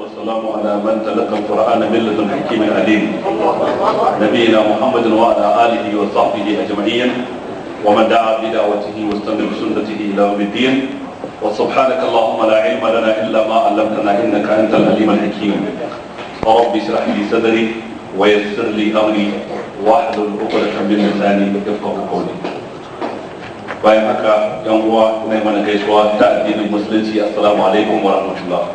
والسلام على من تلقى القرآن من لدن حكيم عليم نبينا محمد وعلى آله وصحبه أجمعين ومن دعا بدعوته واستنى بسنته إلى يوم الدين وسبحانك اللهم لا علم لنا إلا ما علمتنا إنك أنت العليم الحكيم رب اشرح لي صدري ويسر لي أمري واحلل عقدة من لساني يفقه قولي bayan haka yan uwa mai mana gaisuwa ta addinin musulunci assalamu alaikum wa rahmatullah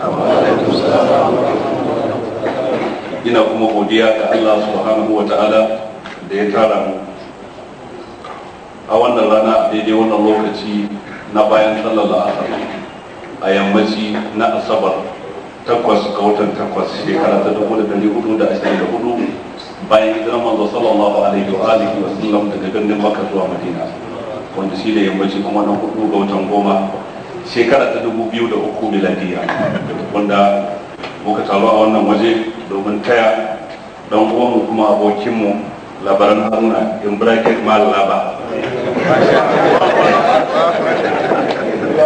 ina kuma godiya ga Allah subhanahu wa ta'ala da ya tara mu a wannan rana daidai wannan lokaci na bayan sallar la'asar a yammaci na asabar takwas ga watan takwas shekara ta dubu da dari hudu da ashirin da hudu bayan hijirar manzo sallallahu alaihi wa alihi wa sallam daga birnin makka zuwa madina wanda shi ne yammaci kuma na hudu ga watan goma shekara ta dubu biyu da uku miladiya wanda muka taru a wannan waje domin taya dan uwanmu kuma abokinmu labaran haruna in bracket mal laba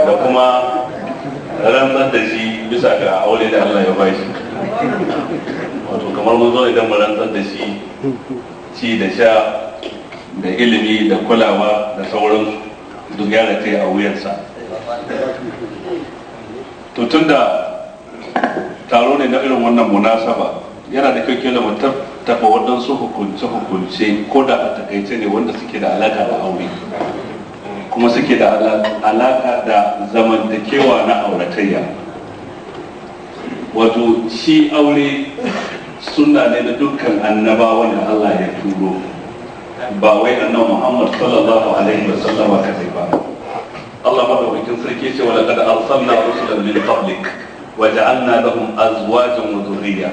da kuma rantsar da shi bisa ga aure da allah ya ba shi wato kamar mun zo idan mu rantsar da shi ci da sha da ilimi da kulawa da sauransu duk ya yi a wuyansa to da taro ne na irin wannan munasaba yana da kyau kyau da tafa waɗansu hukunce hukunce ko da a takaice ne wanda suke da alaka da aure kuma suke da alaka da zamantakewa na auratayya wato shi aure suna ne na dukkan annabawa da Allah ya turo ba wai annabi Muhammad sallallahu alaihi wasallam kadai ba Allah madaukakin sarki ce wala kad arsalna rusulan min qablik wa ja'alna lahum azwajan wa dhurriyya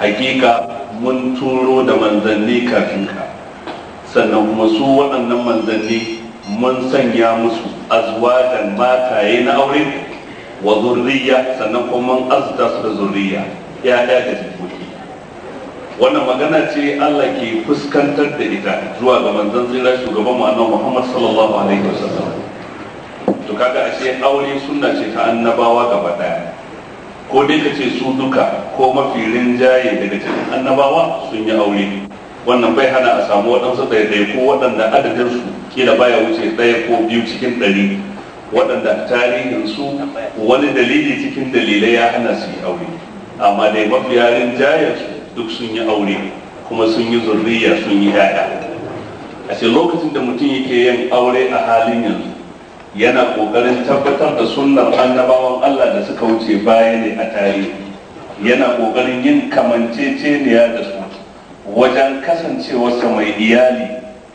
hakika mun turo da manzanni kafin ka sannan kuma su waɗannan manzanni mun sanya musu azwajan mataye na aure wa zurriya sannan kuma mun azuta su da zurriya ya da jikoki wannan magana ce Allah ke fuskantar da ita zuwa ga manzon zira shugaban mu annabi Muhammad sallallahu alaihi wasallam to kaga ashe aure sunna ce ta annabawa gaba daya ko dai ka ce su duka ko mafi rinjaye daga cikin annabawa sun yi aure wannan bai hana a samu waɗansu ɗaiɗai ko waɗanda ke kila baya wuce ɗaya ko biyu cikin ɗari waɗanda tarihinsu wani dalili cikin dalilai ya hana su yi aure amma dai mafi yarin jayarsu duk sun yi aure kuma sun yi zurriya sun yi yaya a ce lokacin da mutum yake yin aure a halin yanzu yana kokarin tabbatar da sunnar annabawan Allah da suka wuce baya ne a tarihi yana kokarin yin kamanceceniya da su wajen kasancewarsa mai iyali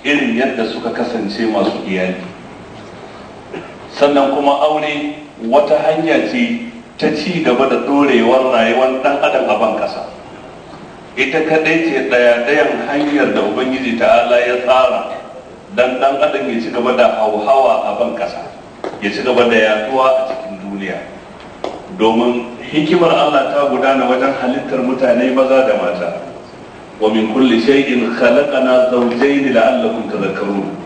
irin yadda suka kasance masu iyali sannan kuma aure wata hanya ce ta ci gaba da dorewar rayuwar ɗan adam a ban kasa ita kadai ce daya dayan hanyar da ubangiji ta Allah ya tsara dan dan adam ya ci gaba da hauhawa a ban kasa ya ci gaba da yaduwa a cikin duniya domin hikimar Allah ta gudana wajen halittar mutane maza da mata wa min kulli shay'in khalaqana zawjayn la'allakum tadhakkarun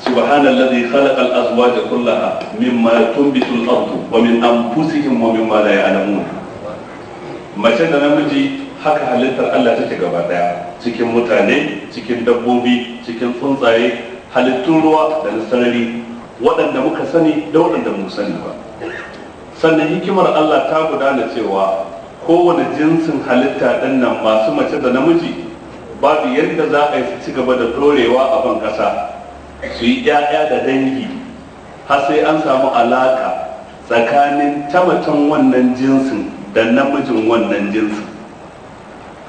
سبحان الذي خلق الأزواج كلها مما تنبت الأرض ومن أنفسهم ومما لا يعلمون ما شاء namiji. haka halittar Allah take gaba daya cikin mutane cikin dabbobi cikin tsuntsaye halittun ruwa da na sarari waɗanda muka sani da waɗanda mu sani ba sannan hikimar Allah ta gudana cewa kowane jinsin halitta ɗin nan masu mace da namiji babu yadda za a yi su ci gaba da dorewa a ban ƙasa su yi 'ya'ya da dangi har sai an samu alaka tsakanin tamatan wannan jinsin da namijin wannan jinsin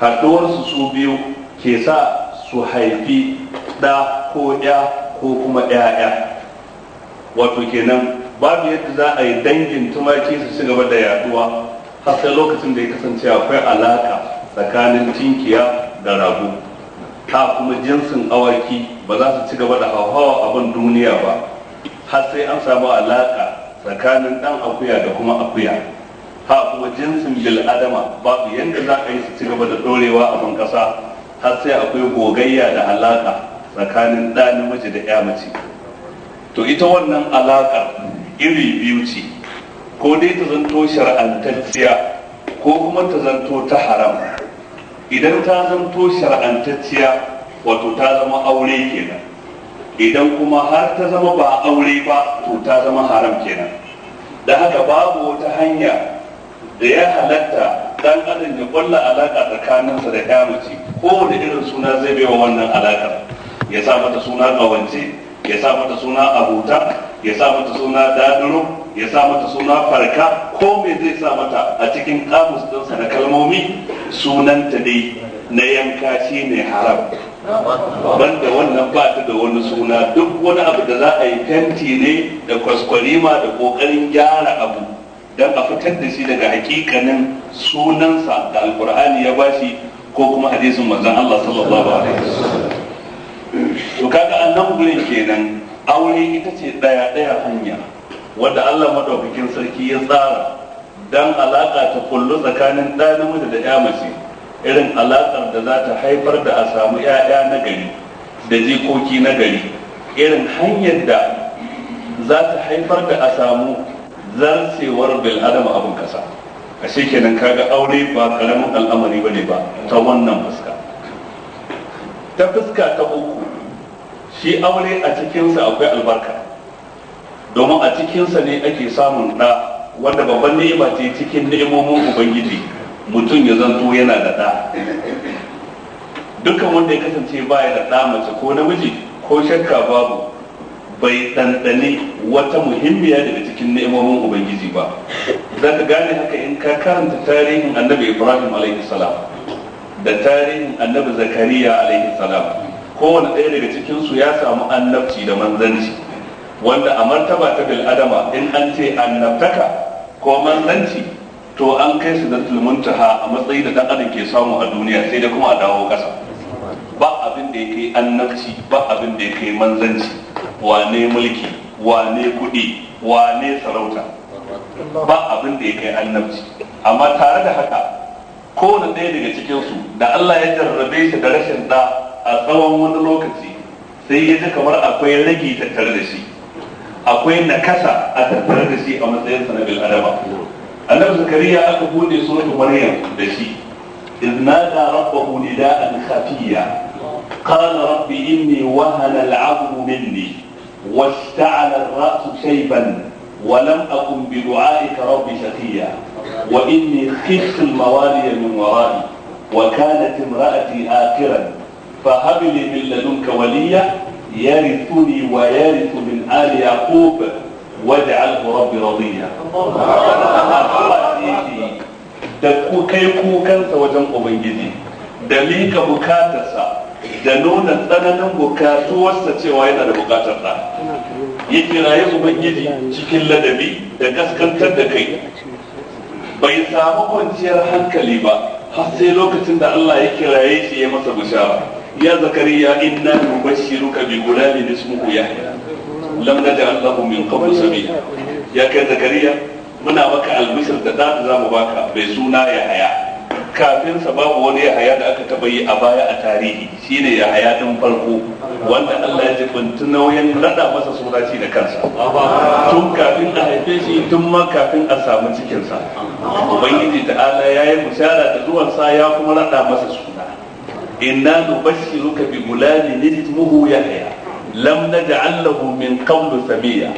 haɗuwarsu su biyu ke sa su haifi ɗa ko ya ko kuma ɗaya wato kenan babu yadda za a yi dangin tumaki su ci gaba da yaduwa har sai lokacin da ya kasance akwai alaka tsakanin tinkiya da rago ta kuma jinsin awaki ba za su ci gaba da hauhawa abin duniya ba har sai an samu alaka tsakanin ɗan akuya da kuma akuya ha kuma jinsin bil adama babu yadda za a yi su ci gaba da dorewa a ban kasa har sai akwai gogayya da alaka tsakanin ɗa namiji da ya mace to ita wannan alaka iri biyu ce ko dai ta zanto shar'antacciya ko kuma ta zanto ta haram idan ta zanto shar'antacciya wato ta zama aure kenan idan kuma har ta zama ba aure ba to ta zama haram kenan da haka babu wata hanya da ya halatta dan adam ya kulla alaka tsakaninsa da ya mace ko da irin suna zai bai wa wannan alakar ya sa mata suna kawance ya sa mata suna abuta ya sa mata suna daduro ya sa mata suna farka ko me zai sa mata a cikin kamus ɗinsa na kalmomi sunanta dai na yanka shi ne haram banda wannan ba ta da wani suna duk wani abu da za a yi fenti ne da kwaskwarima da kokarin gyara abu don a fitar da shi daga hakikanin sunansa da alkur'ani ya bashi ko kuma hadisin manzan Allah sallallahu alaihi to kaga annan gurin kenan aure ita ce daya daya hanya wanda Allah madaukakin sarki ya tsara dan alaka ta kullu tsakanin da namiji da ya mace irin alakar da za ta haifar da a samu 'ya'ya na gari da jikoki na gari irin hanyar da za ta haifar da a samu zarcewar bil abin kasa ashe kenan kaga aure ba karamin al'amari ba ne ba ta wannan fuska ta fuska ta uku shi aure a cikinsa akwai albarka domin a cikinsa ne ake samun ɗa wanda babban ni'ima ce cikin ni'imomin ubangiji mutum ya zanto yana da ɗa dukkan wanda ya kasance baya da ɗa mace ko namiji ko shakka babu bai ɗanɗani wata muhimmiya daga cikin ni'imomin ubangiji ba za ka gane haka in ka karanta tarihin annabi ibrahim alaihi salam da tarihin annabi zakariya alaihi salam kowane ɗaya daga cikinsu ya samu annabci da manzanci wanda a martaba ta bil adama in an ce annabtaka ko manzanci to an kai su da tulmuntaha a matsayi da dan ke samu a duniya sai da kuma a dawo ƙasa ba abin da ya kai annabci ba abin da ya kai manzanci wane mulki wane kudi wane sarauta ba abin da ya kai annabci amma tare da haka kowane ɗaya daga cikinsu da Allah ya jarrabe shi da rashin da a tsawon wani lokaci sai ya ji kamar akwai rage tattare da shi akwai nakasa a tattare da shi a matsayin matsayinsa na adama annabi zakariya aka bude suratul maryam da shi idna da ربه Kano khafiya qala rabbi inni wahana al'abdu minni واشتعل الرأس شيبا ولم أكن بدعائك رب شقيا وإني خفت الموالي من ورائي وكانت امرأتي آخرا فهب لي من لدنك وليا يرثني ويرث من آل يعقوب واجعله ربي رضيا da ku kai kukansa wajen ubangiji da mika bukatarsa da nuna tsananin bukatuwarsa cewa yana da bukatar ɗa ya kiraye ubangiji cikin ladabi da gaskantar da kai bai samu kwanciyar hankali ba har sai lokacin da Allah ya kiraye shi ya masa bishara ya zakariya inna nubashshiruka bi gulamin ismuhu yahya lam naj'al lahu min qabl samia ya kai zakariya muna maka albishir da da zamu baka bai suna yahya kafin sa babu wani yahaya da aka taba yi a baya a tarihi shine yahaya din farko wanda Allah ya jibinta nauyin rada masa suna da kansa tun kafin a haife shi tun ma kafin a samu cikin sa ubangiji ya yi bishara da zuwan sa ya kuma rada masa suna inna nubashshiruka bi gulamin ismuhu yahya lam naj'al lahu min qawlu sabiya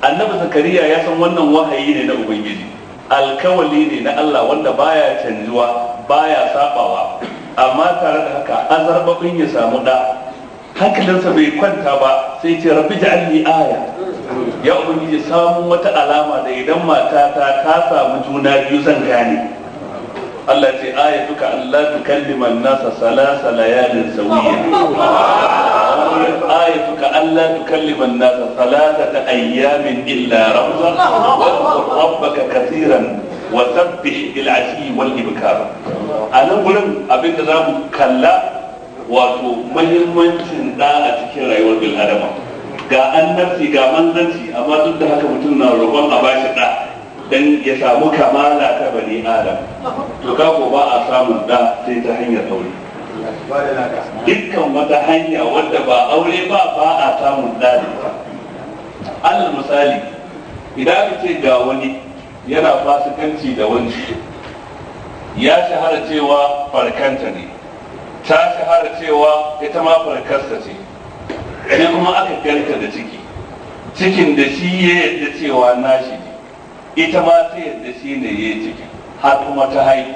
annabi zakariya ya san wannan wahayi ne na ubangiji alkawali ne na Allah wanda baya canjuwa baya sabawa amma tare da haka azarbabin ya samu da hankalinsa bai kwanta ba sai ce rabbi ja'alni aya ya ubangiji samu wata alama da idan matata ta samu juna biyu zan gane Allah ce ayatuka Allah tukallima an-nasa salasa layalin sawiya ayatuka Allah tukallima an-nasa salasa salasata ayyamin illa ramza wa rabbaka katiran wa sabbih bil ashi wal ibkar a nan gurin abinda zamu kalla wato muhimmancin da a cikin rayuwar bil adama ga annabci ga manzanci amma duk da haka mutum na roƙon a bashi da dan ya samu kamala ta bani adam to kako ba a samun da sai ta hanyar aure dukkan wata hanya wadda ba aure ba ba a samun da Allah misali idan ka ce ga wani yana fasikanci da wani ya shahara cewa farkanta ne ta shahara cewa ita ma farkarsa ce sai kuma aka ganta da ciki cikin da shi ya yadda cewa nashi ita ma ta yadda shi ne ya ciki har kuma ta haihu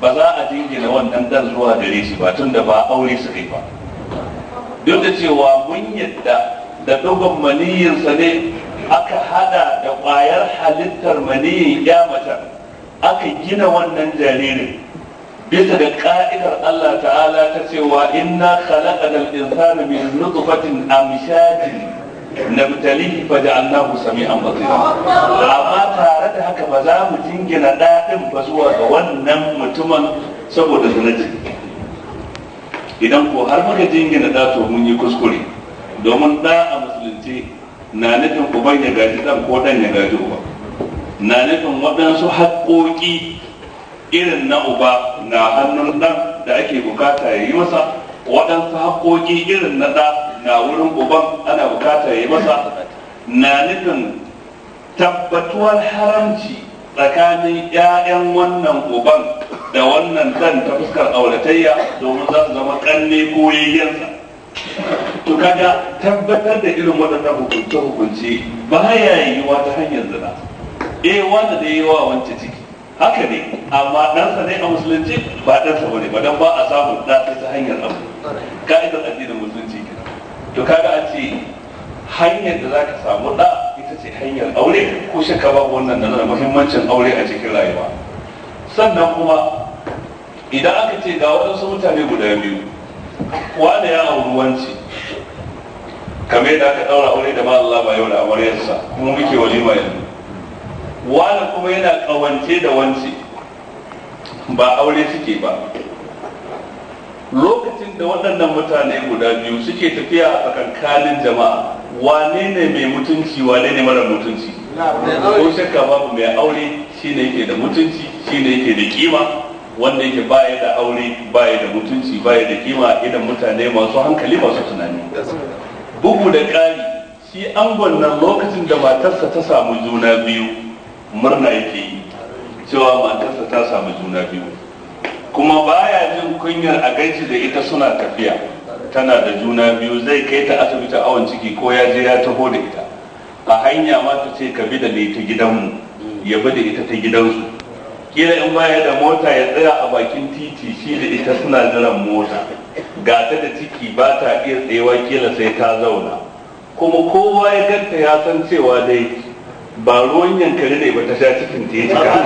ba za a jingina wannan dan zuwa gare shi ba tun da ba aure su kai ba duk da cewa mun yadda da dogon maniyyinsa ne aka hada da kwayar halittar maniyyin ya mace aka gina wannan jaririn bisa da ka'idar Allah ta'ala ta cewa inna dal insana min nutfatin amshajin nabtalihi fa sami an basira amma tare da haka ba za mu jingina dadin ba zuwa ga wannan mutumin saboda zunubi idan ko har muka jingina da to mun yi kuskure domin da a musulunci na nufin uban ya gaji dan ko dan ya gaji uba na nufin waɗansu haƙoƙi irin na uba na hannun dan da ake bukata ya yi masa waɗansu haƙoƙi irin na ɗan. na wurin uban ana bukatar ya masa na nufin tabbatuwar haramci tsakanin 'ya'yan wannan uban da wannan dan ta fuskar auratayya domin za su zama kanne ko yayyansa to kaga tabbatar da irin waɗannan hukunce hukunce ba ya wa ta hanyar zina eh wanda da wa wance ciki haka ne amma ɗansa ne a musulunci ba ɗansa ba ne ba dan ba a samun ɗa ta hanyar abu ka'idar addinin musulunci to kaga a ce hanyar da za ka samu da ita ce hanyar aure ko ka babu wannan da muhimmancin aure a cikin rayuwa sannan kuma idan aka ce ga waɗansu mutane guda biyu wanda ya auri wanci kamar yadda aka ɗaura aure da Allah ba yau da amaryarsa kuma muke walima yanzu wani kuma yana ƙawance da wance ba aure suke ba lokacin da waɗannan mutane guda biyu suke tafiya a tsakankanin jama'a wane ne mai mutunci wane ne mara mutunci ko shakka babu mai aure shine yake da mutunci shine yake da kima wanda yake baya da aure baya da mutunci baya da kima idan mutane masu hankali masu tunani bugu da ƙari shi angon nan lokacin da matarsa ta samu juna biyu murna yake yi cewa matarsa ta samu juna biyu kuma baya jin kunyar a gaji da ita suna tafiya tana da juna biyu zai kai ta asibiti awon ciki ko ya je ya taho da ita a hanya ma ta ce ka bi da ni ta gidanmu ya bi da ita ta gidansu kila in baya da mota ya tsaya a bakin titi shi da ita suna jiran mota ga ta da ciki ba ta iya tsayawa kila sai ta zauna kuma kowa ya ganta ya san cewa dai ba ruwan yankari ne ba ta sha cikin ta ya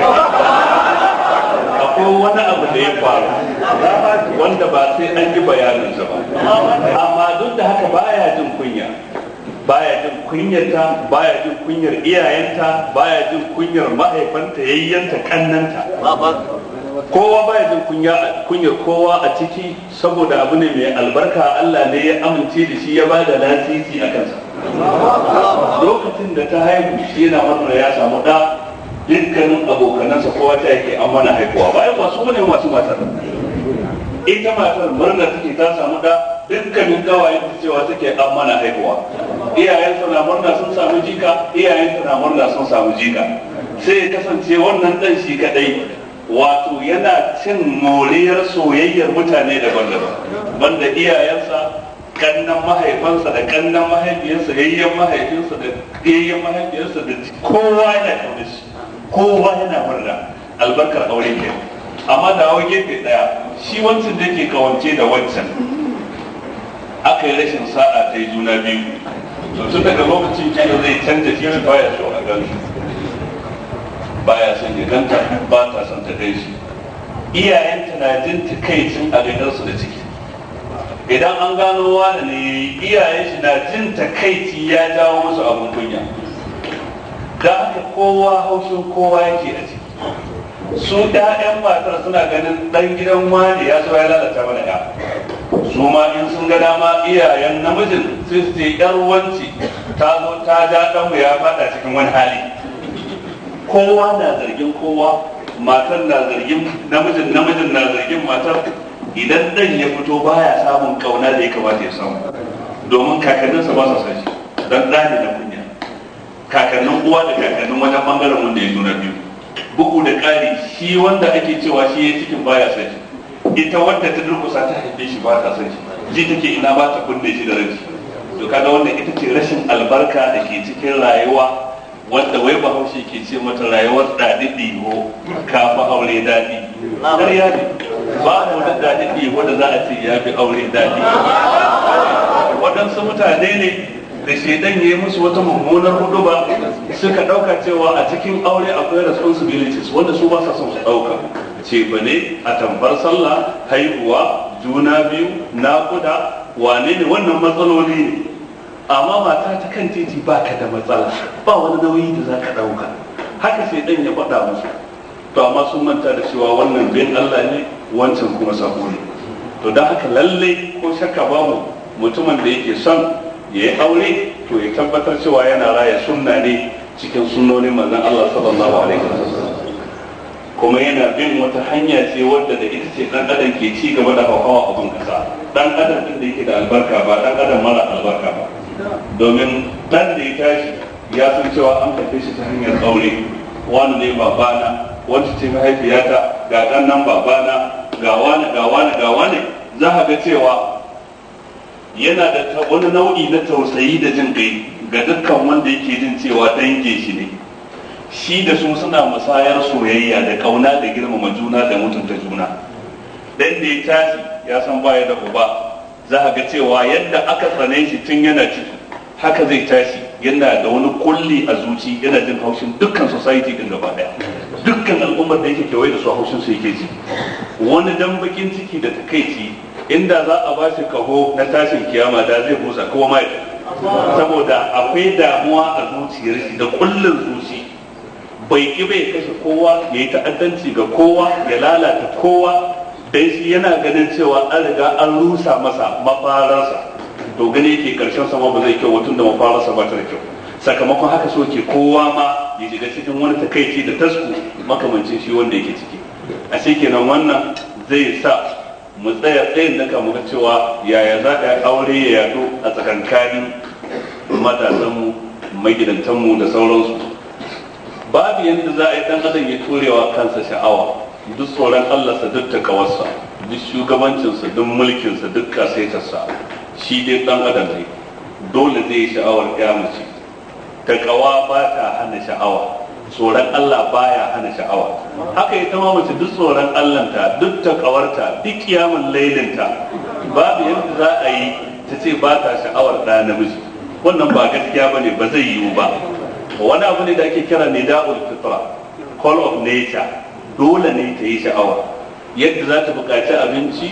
akwai wani abu da ya faru wanda ba sai an yi bayaninsa ba amma duk da haka baya jin kunya baya jin kunyarta baya jin kunyar iyayenta baya jin kunyar mahaifanta yayyanta kannanta kowa baya jin kunyar kowa a ciki saboda abu ne mai albarka Allah ne ya amince da shi ya bada lasisi a kansa lokacin da ta haihu shi yana murna ya samu da dukkanin abokanansa kowa ta yake an mana haihuwa bayan ba su ne masu matar ita matar murna take ta samu da dukkanin kawayen ta cewa take an mana haihuwa iyayen na murna sun samu jika iyayen na murna sun samu jika sai ya kasance wannan dan shi kadai wato yana cin moriyar soyayyar mutane daban-daban banda iyayensa kannan mahaifansa da kannan mahaifiyarsa yayyen mahaifinsa da yayyen mahaifiyarsa da kowa yana kaunar shi kowa yana murna albarkar aure ke amma da hawa gefe daya shi wancan da ke kawance da wancan aka yi rashin sa'a ta yi juna biyu to tun daga lokacin kenan zai canza shi baya so a gan baya son ya ganta ba ta son ta gan shi iyayenta na jin takaicin a su da ciki idan an gano wani ne iyayen shi na jin takaici ya jawo musu abin kunya da haka kowa haushin kowa yake a ciki su ɗayan matar suna ganin ɗan gidan wani ya zuwa ya lalata mana ya su ma in sun ga dama iyayen namijin su ce yar wanci ta zo ta ja ɗanmu ya faɗa cikin wani hali kowa na zargin kowa matar na zargin namijin namijin na zargin matar idan ɗan ya fito baya samun kauna da ya kamata ya samu domin kakanninsa ba su san shi dan ɗani na kunya kakannin uwa da kakannin wajen bangaren wanda ya nuna biyu bugu da ƙari shi wanda ake cewa shi ya cikin baya san shi ita wanda ta durkusa ta haife shi ba ta san shi ji take ina ba ta kunne shi da ranci to kaga wanda ita ce rashin albarka da ke cikin rayuwa wanda wai bahaushe ke ce mata rayuwar daɗi ɗiho kafa aure daɗi ƙarya ne ba da wani daɗi ɗiho da za a ce ya fi aure daɗi waɗansu mutane ne da shedan ya yi musu wata mummunar huduba suka dauka cewa a cikin aure akwai responsibilities wanda su ba sa son su dauka ce ba ne a tambar sallah haihuwa juna biyu naƙuda wane ne wannan matsaloli ne amma mata ta kan titi ba ka da matsala ba wani nauyi da za ka dauka haka sai ya faɗa musu to amma sun manta da cewa wannan bin Allah ne wancan kuma sabo ne to don haka lallai ko shakka babu mutumin da yake son ya yi aure to ya tabbatar cewa yana raya sunna ne cikin sunnonin manzon Allah sallallahu alaihi kuma yana bin wata hanya ce wadda da ita ce dan adam ke ci gaba da hawa abun kasa dan adam din da yake da albarka ba dan adam mara albarka ba domin dan da ya tashi ya san cewa an tafi shi ta hanyar aure wani ne babana wacce ce mahaifiyata ga dan nan babana ga wani ga wani ga wani za ga cewa yana da wani nau'i na tausayi da jin kai ga dukkan wanda yake jin cewa dangin shi ne shi da su suna musayar soyayya da kauna da girmama juna da mutunta juna dan da ya tashi ya san baya da uba za a ga cewa yadda aka tsane shi tun yana ciki haka zai tashi yana da wani kulli a zuci yana jin haushin dukkan society din gaba daya dukkan al'ummar da yake kewaye da su haushin su yake ji wani dan bakin ciki da takaici inda za a ba shi kaho na tashin kiyama da zai busa kowa mai saboda akwai damuwa a zuciyar shi da kullun zuci bai ki bai kashe kowa ya yi ta'addanci ga kowa ya lalata kowa dan shi yana ganin cewa an riga an rusa masa mafararsa to gani yake karshen sama ba zai kyau tun da mafararsa ba ta da kyau sakamakon haka so ke kowa ma ya shiga cikin wani takaici da tasku makamancin shi wanda yake ciki a kenan wannan zai sa mu tsaya tsayin da kamar cewa yaya za a aure ya yadu a tsakankanin matasanmu magidantanmu da sauransu babu yadda za a yi ɗan adam ya turewa kansa sha'awa duk tsoron allah sa duk takawarsa duk shugabancinsa duk mulkinsa duk kasaitarsa shi dai ɗan adam ne dole zai sha'awar ya mace takawa ba ta hana sha'awa tsoron Allah baya hana sha'awa haka ita ma mace duk tsoron Allahnta duk ta ƙawarta duk kiyamun lailinta babu yadda za a yi ta ce ba ta sha'awar ɗa namiji wannan ba gaskiya ba ne ba zai yiwu ba wani abu ne da ake kira ne nida'ul fitra call of nature dole ne ta yi sha'awa yadda za ta buƙaci abinci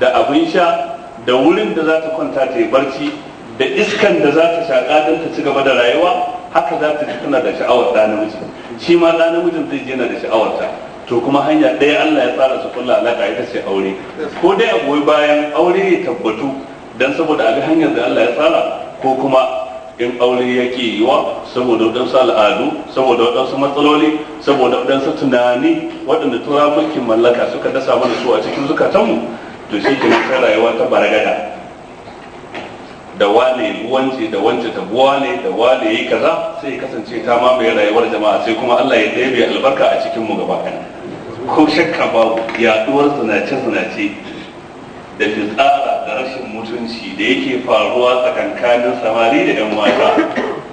da abin sha da wurin da za ta kwanta ta yi barci da iskan da za ta shaƙa don ta ci gaba da rayuwa haka za ta ji tana da sha'awar ɗa namiji shi ma ɗa namijin zai yana da sha'awarta to kuma hanya ɗaya Allah ya tsara su kulla alaƙa ita ce aure ko dai a goyi bayan aure ya tabbatu dan saboda a bi hanyar da Allah ya tsara ko kuma in aure ya ke yiwa saboda waɗansu al'adu saboda waɗansu matsaloli saboda waɗansu tunani waɗanda tura mulkin mallaka suka dasa mana su a cikin zukatanmu to shi ke rayuwa ta baragada da wane buwanci da wance ta ne da wane yi kaza sai kasance ta mamaye rayuwar jama'a sai kuma Allah ya ɗebe albarka a cikin mu gaba ko shakka ba yaɗuwar zinace zinace da fitsara da rashin mutunci da yake faruwa tsakankanin samari da 'yan mata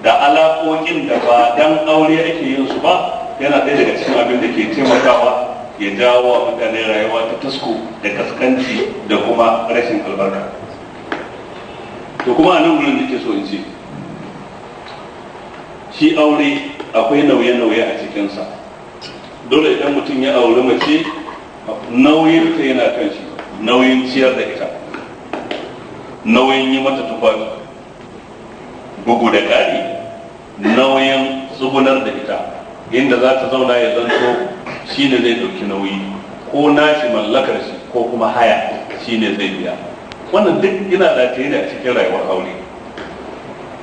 da alaƙoƙin da ba dan aure ake yin su ba yana ɗaya daga cikin abin da ke taimakawa ya jawo wa mutane rayuwa ta tasko da kaskanci da kuma rashin albarka to kuma a nan gudun da ke so in ce shi aure akwai nauye-nauye a cikinsa dole idan mutum ya auri mace nauyin ta yana kan shi nauyin ciyar da ita nauyin yi mata tufafi bugu da ƙari nauyin tsugunar da ita inda za ta zauna ya zanto shi ne zai ɗauki nauyi ko nashi mallakar shi ko kuma haya shi ne zai biya wannan duk yana rataye ne a cikin rayuwar aure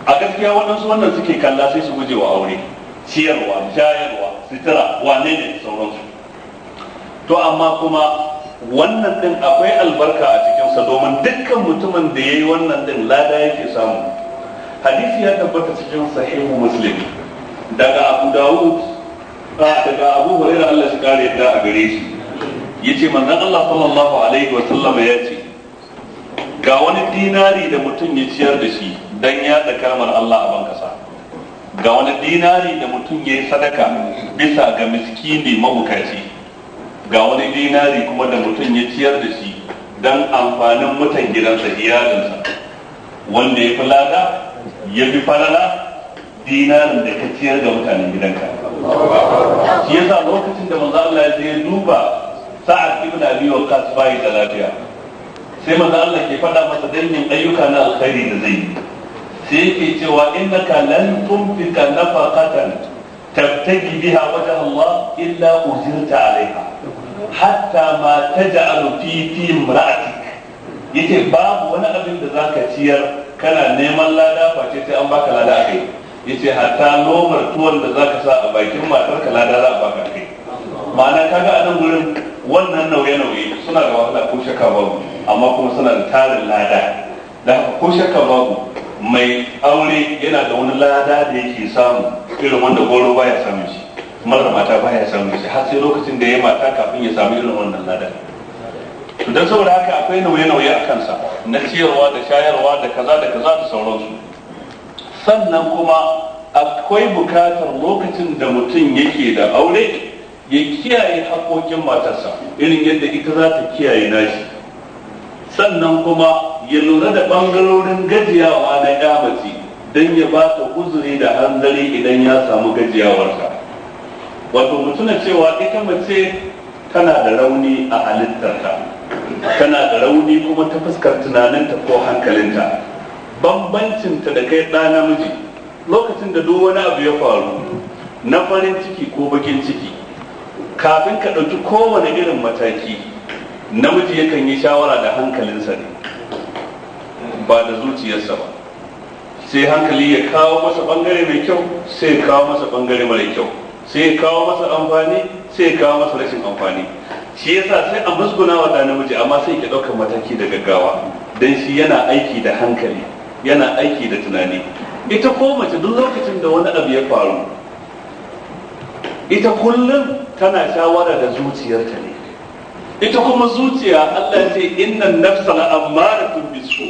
a gaskiya waɗansu wannan suke kalla sai su guje wa aure ciyarwa shayarwa sitira wane ne sauransu to amma kuma wannan din akwai albarka a cikinsa domin dukkan mutumin da ya yi wannan din lada yake samu hadisi ya tabbata cikin sahihu muslim daga abu dawud daga abu hurairah Allah shi kare yadda a gare shi yace manzon Allah sallallahu alaihi wa sallam ya ce ga wani dinari da mutum ya ciyar da shi dan ya kalmar Allah a bankasa ga wani dinari da mutum ya yi sadaka bisa ga miskini mabukaci ga wani dinari kuma da mutum ya ciyar da shi dan amfanin mutan gidansa iyalinsa wanda ya fi lada ya fi farala, dinarin da ka ciyar da mutanen gidanka shi yasa lokacin da manzo Allah ya duba sa'ad ibn abi waqqas bai da lafiya sai manzo Allah ke faɗa masa dangin ayyuka na alkhairi da zai yi sai yake cewa innaka lan tunfika nafaqatan tabtagi biha wajha Allah illa ujirta alaiha hatta ma taj'alu fi fi imra'atik yace babu wani abin da zaka ciyar kana neman lada face sai an baka lada kai yace hatta lomar tuwon da zaka sa a bakin matarka lada za a baka kai ma'ana kaga a nan gurin wannan nauye-nauye suna da wahala ko shaka babu amma kuma suna da tarin lada da haka ko shakka babu mai aure yana da wani lada da yake samu irin wanda goro baya samu shi mara mata baya samu shi har sai lokacin da ya mata kafin ya samu irin wannan lada to dan saboda haka akwai nauye-nauye a kansa na ciyarwa da shayarwa da kaza da kaza da sauransu sannan kuma akwai bukatar lokacin da mutum yake da aure ya kiyaye haƙoƙin matarsa irin yadda ita za ta kiyaye nashi sannan kuma ya lura da bangarorin gajiyawa na ya mace don ya ba ta uzuri da hanzari idan ya samu gajiyawarsa wato mutuna cewa ita mace tana da rauni a halittarta tana da rauni kuma ta fuskar tunaninta ko hankalinta bambancinta da kai ɗa namiji lokacin da duk wani abu ya faru na farin ciki ko bakin ciki kafin ka ɗauki kowane irin mataki namiji yakan yi shawara da hankalinsa ne ba da zuciyarsa ba sai hankali ya kawo masa bangare mai kyau sai ya kawo masa bangare mara kyau sai ya kawo masa amfani sai ya kawo masa rashin amfani shi yasa sai a musguna wa da namiji amma sai ya ɗauka mataki da gaggawa don shi yana aiki da hankali yana aiki da tunani ita ko mace duk lokacin da wani abu ya faru ita kullum tana shawara da zuciyarta ne ita kuma zuciya Allah ce innan nafsa la ammaratun bisu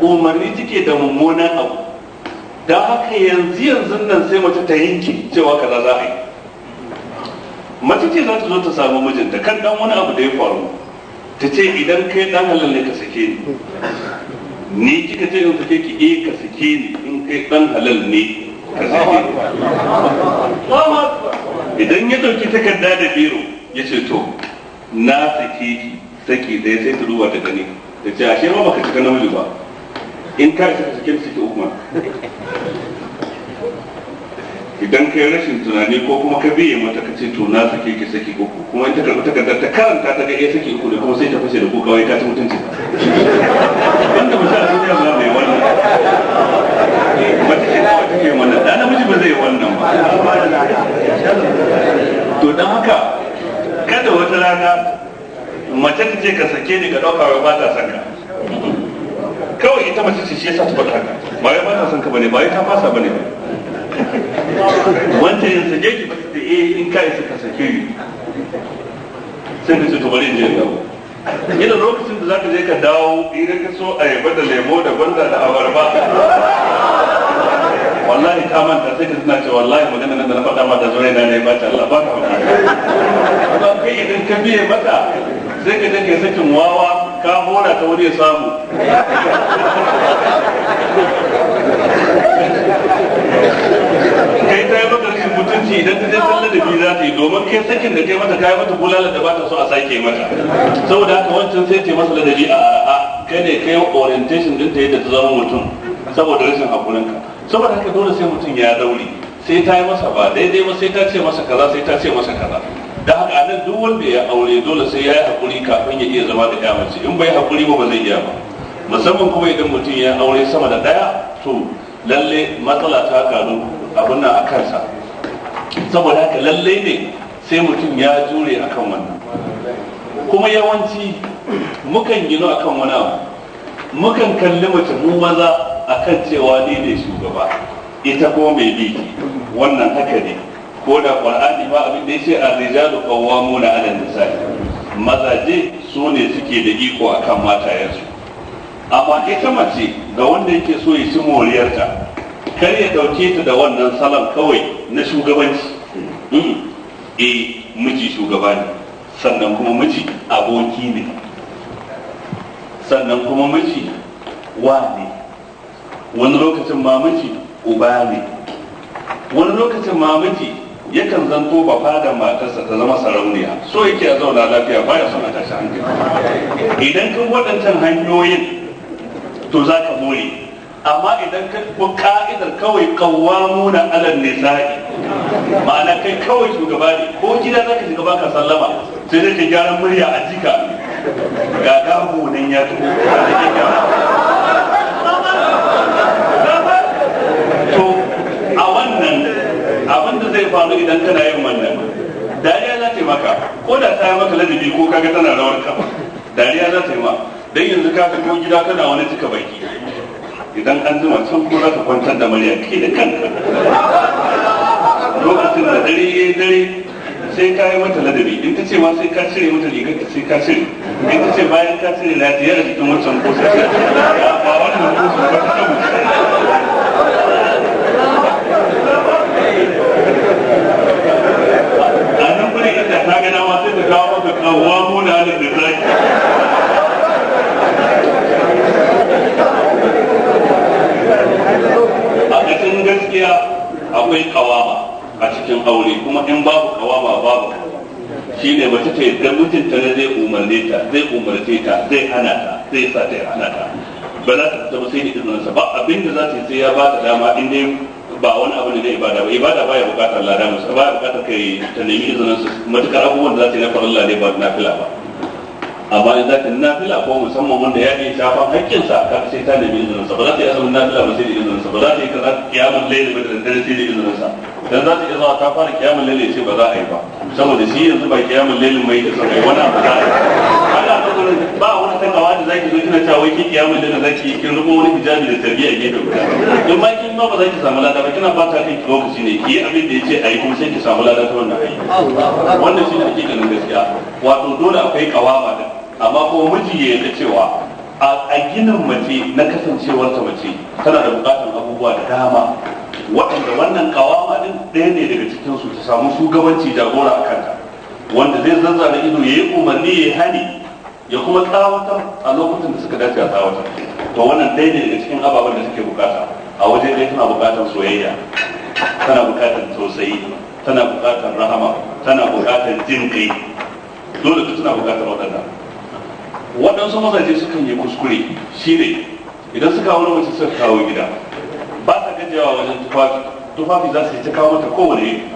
umarni take da mummunan abu da haka yanzu yanzu nan sai mace ta yanke cewa kaza za a yi mace ce za ta zo ta samu mijinta kan dan wani abu da ya faru ta ce idan kai dan halal ne ka sake ni ni kika ce in kake ki eh ka sake ni in kai dan halal ne ka sake ni idan ya dauki takarda da biro ya ce to na sake ki saki ɗaya sai ta duba ta gani ta ce ashe ma baka cika namiji ba in ka cika cikin ciki hukuma idan kai rashin tunani ko kuma ka biye mata ka to na sake ki saki uku kuma in ta karɓi takardar ta karanta ta ga eh, saki uku da kuma sai ta fashe da kuka kawai ka ci mutunci ba a ba mai wannan ba ba da namiji ba zai wannan ba to dan haka da wata rana mace ta ce ka sake ni ka ɗauka wa bata ta son ka kawai ita mace ce shi yasa ta faɗa haka ba ya bata ta son ka bane ba ya ta fasa bane wancan yin sake ki ba ta eh in ka isa ka sake ni sun ka ce to bari in je dawo yana lokacin da za ka je ka dawo idan ka so a ayaba da lemo da gwanda da abarba wallahi ka manta sai ka tana cewa wallahi mu nan da na faɗa ma da zure na ne ba ta Allah ba ka faɗa ba kai idan ka biye mata sai ka dinga sakin wawa ka hora ta wuri ya samu kai ta yi maka rashin mutunci idan ta je sallar da biyu za ta yi domin kai sakin da kai mata yi mata bulala da ba ta so a sake mata saboda haka wancan sai ce masa ladabi a araha kai ne kai orientation din ta yadda ta zama mutum saboda rashin hakurinka saboda haka dole sai mutum ya dauri sai ta yi masa ba daidai ba sai ta ce masa kaza sai ta ce masa kaza da haka anan duk wanda ya aure dole sai ya yi hakuri kafin ya iya zama da kyamace in bai hakuri ba ba zai iya ba musamman kuma idan mutum ya aure sama da daya to lalle matsala ta karu abin nan a kansa saboda haka lalle ne sai mutum ya jure akan wannan kuma yawanci mukan gino akan wani abu mukan kalli mutum mu maza akan cewa ni ne shugaba ita ko mai biki wannan haka ne ko da qur'ani ba abin da yace ar-rijalu qawwamuna 'ala an-nisa mazaje su ne suke da iko akan matayensu amma ita mace ga wanda yake so ya ci moriyarta kar ya dauke ta da wannan salon kawai na shugabanci hmm. eh miji shugaba ne sannan kuma miji aboki ne sannan kuma miji wa ne wani lokacin mamaki uba ne wani lokacin mamaki yakan zanto ba fada matarsa ta zama sarauniya so yake a zauna lafiya ba son a tashi hankali idan kan waɗancan hanyoyin to za ka more amma idan ka ka'idar kawai kawamuna alal nisa'i ma'ana kai kawai shugaba ne ko gida za ka shiga baka sallama sai dai ka gyara murya a jika ga gabo nan ya tuko zai faru idan kana yin wannan dariya za ta yi maka ko da ta maka ladabi ko kaga tana rawar ka dariya za ta yi ma dan yanzu ka ka gida kana wani cika baki idan an zuma can ko za ka kwantar da murya ke da kanka lokacin da dare ya dare sai ka yi mata ladabi in ta ce ma sai ka cire mata rigar ta sai ka cire in ta ce bayan ka cire lafiya a jikin wancan ko sai ka ba wannan ko ka ta wannan inda ta ga dama ta kawo maka kawamu na alin da zaki a cikin gaskiya akwai kawama a cikin aure kuma in babu kawama babu shi ne mace ce da mutunta ne zai umarne ta zai umarce ta zai hana ta zai sa ta hana ta ba za ta taba sai da izininsa ba abinda za ta yi sai ya ba ta dama in dai ba wani abu ne na ibada ba ibada ba ya bukatar lada musu ba ya bukatar yi ta nemi izinin su matukar abubuwan da za ta yi na farin lade ba na fila ba amma in za ta yi na fila ko musamman wanda ya ke shafan haƙƙinsa ka sai ta nemi izinin sa ba za ta yi asalin na fila ba sai da izinin sa ba za ta yi kaza kiyamun laili ba da daddare sai da izinin sa dan za ta yi zuwa ta fara kiyamun laili sai ba za a yi ba saboda shi yanzu ba kiyamun lailin mai da sabai wani abu za a yi ba wani takawa da zaki zo kina cewa wai ki kiyama da zaki kin rubo wani hijabi da tarbiyya a gefe guda don ma kin ma ba zaki samu lada ba kina bata kai lokaci ne ki abin da yace ayi kuma sai ki samu lada ta wannan ayi wannan ake ganin gaskiya wato dole akwai kawaba da amma kuma miji ya yarda cewa a ginin mace na ta mace tana da bukatun abubuwa da dama waɗanda wannan kawama din ɗaya ne daga cikinsu ta samu shugabanci jagora a kanta wanda zai zanzara ido ya yi umarni ya yi hani ya kuma tsawatar a lokutan da suka dace a tsawatar to wannan ɗaya ne daga cikin ababen da suke bukata a waje dai tana bukatar soyayya tana bukatar tausayi tana bukatar rahama tana bukatar jin kai dole ta tana bukatar waɗanda. waɗansu mazaje sukan yi kuskure shi ne idan suka wani mace suka kawo gida ba ta gajiyawa wajen tufafi tufafi za su yi ta kawo mata kowane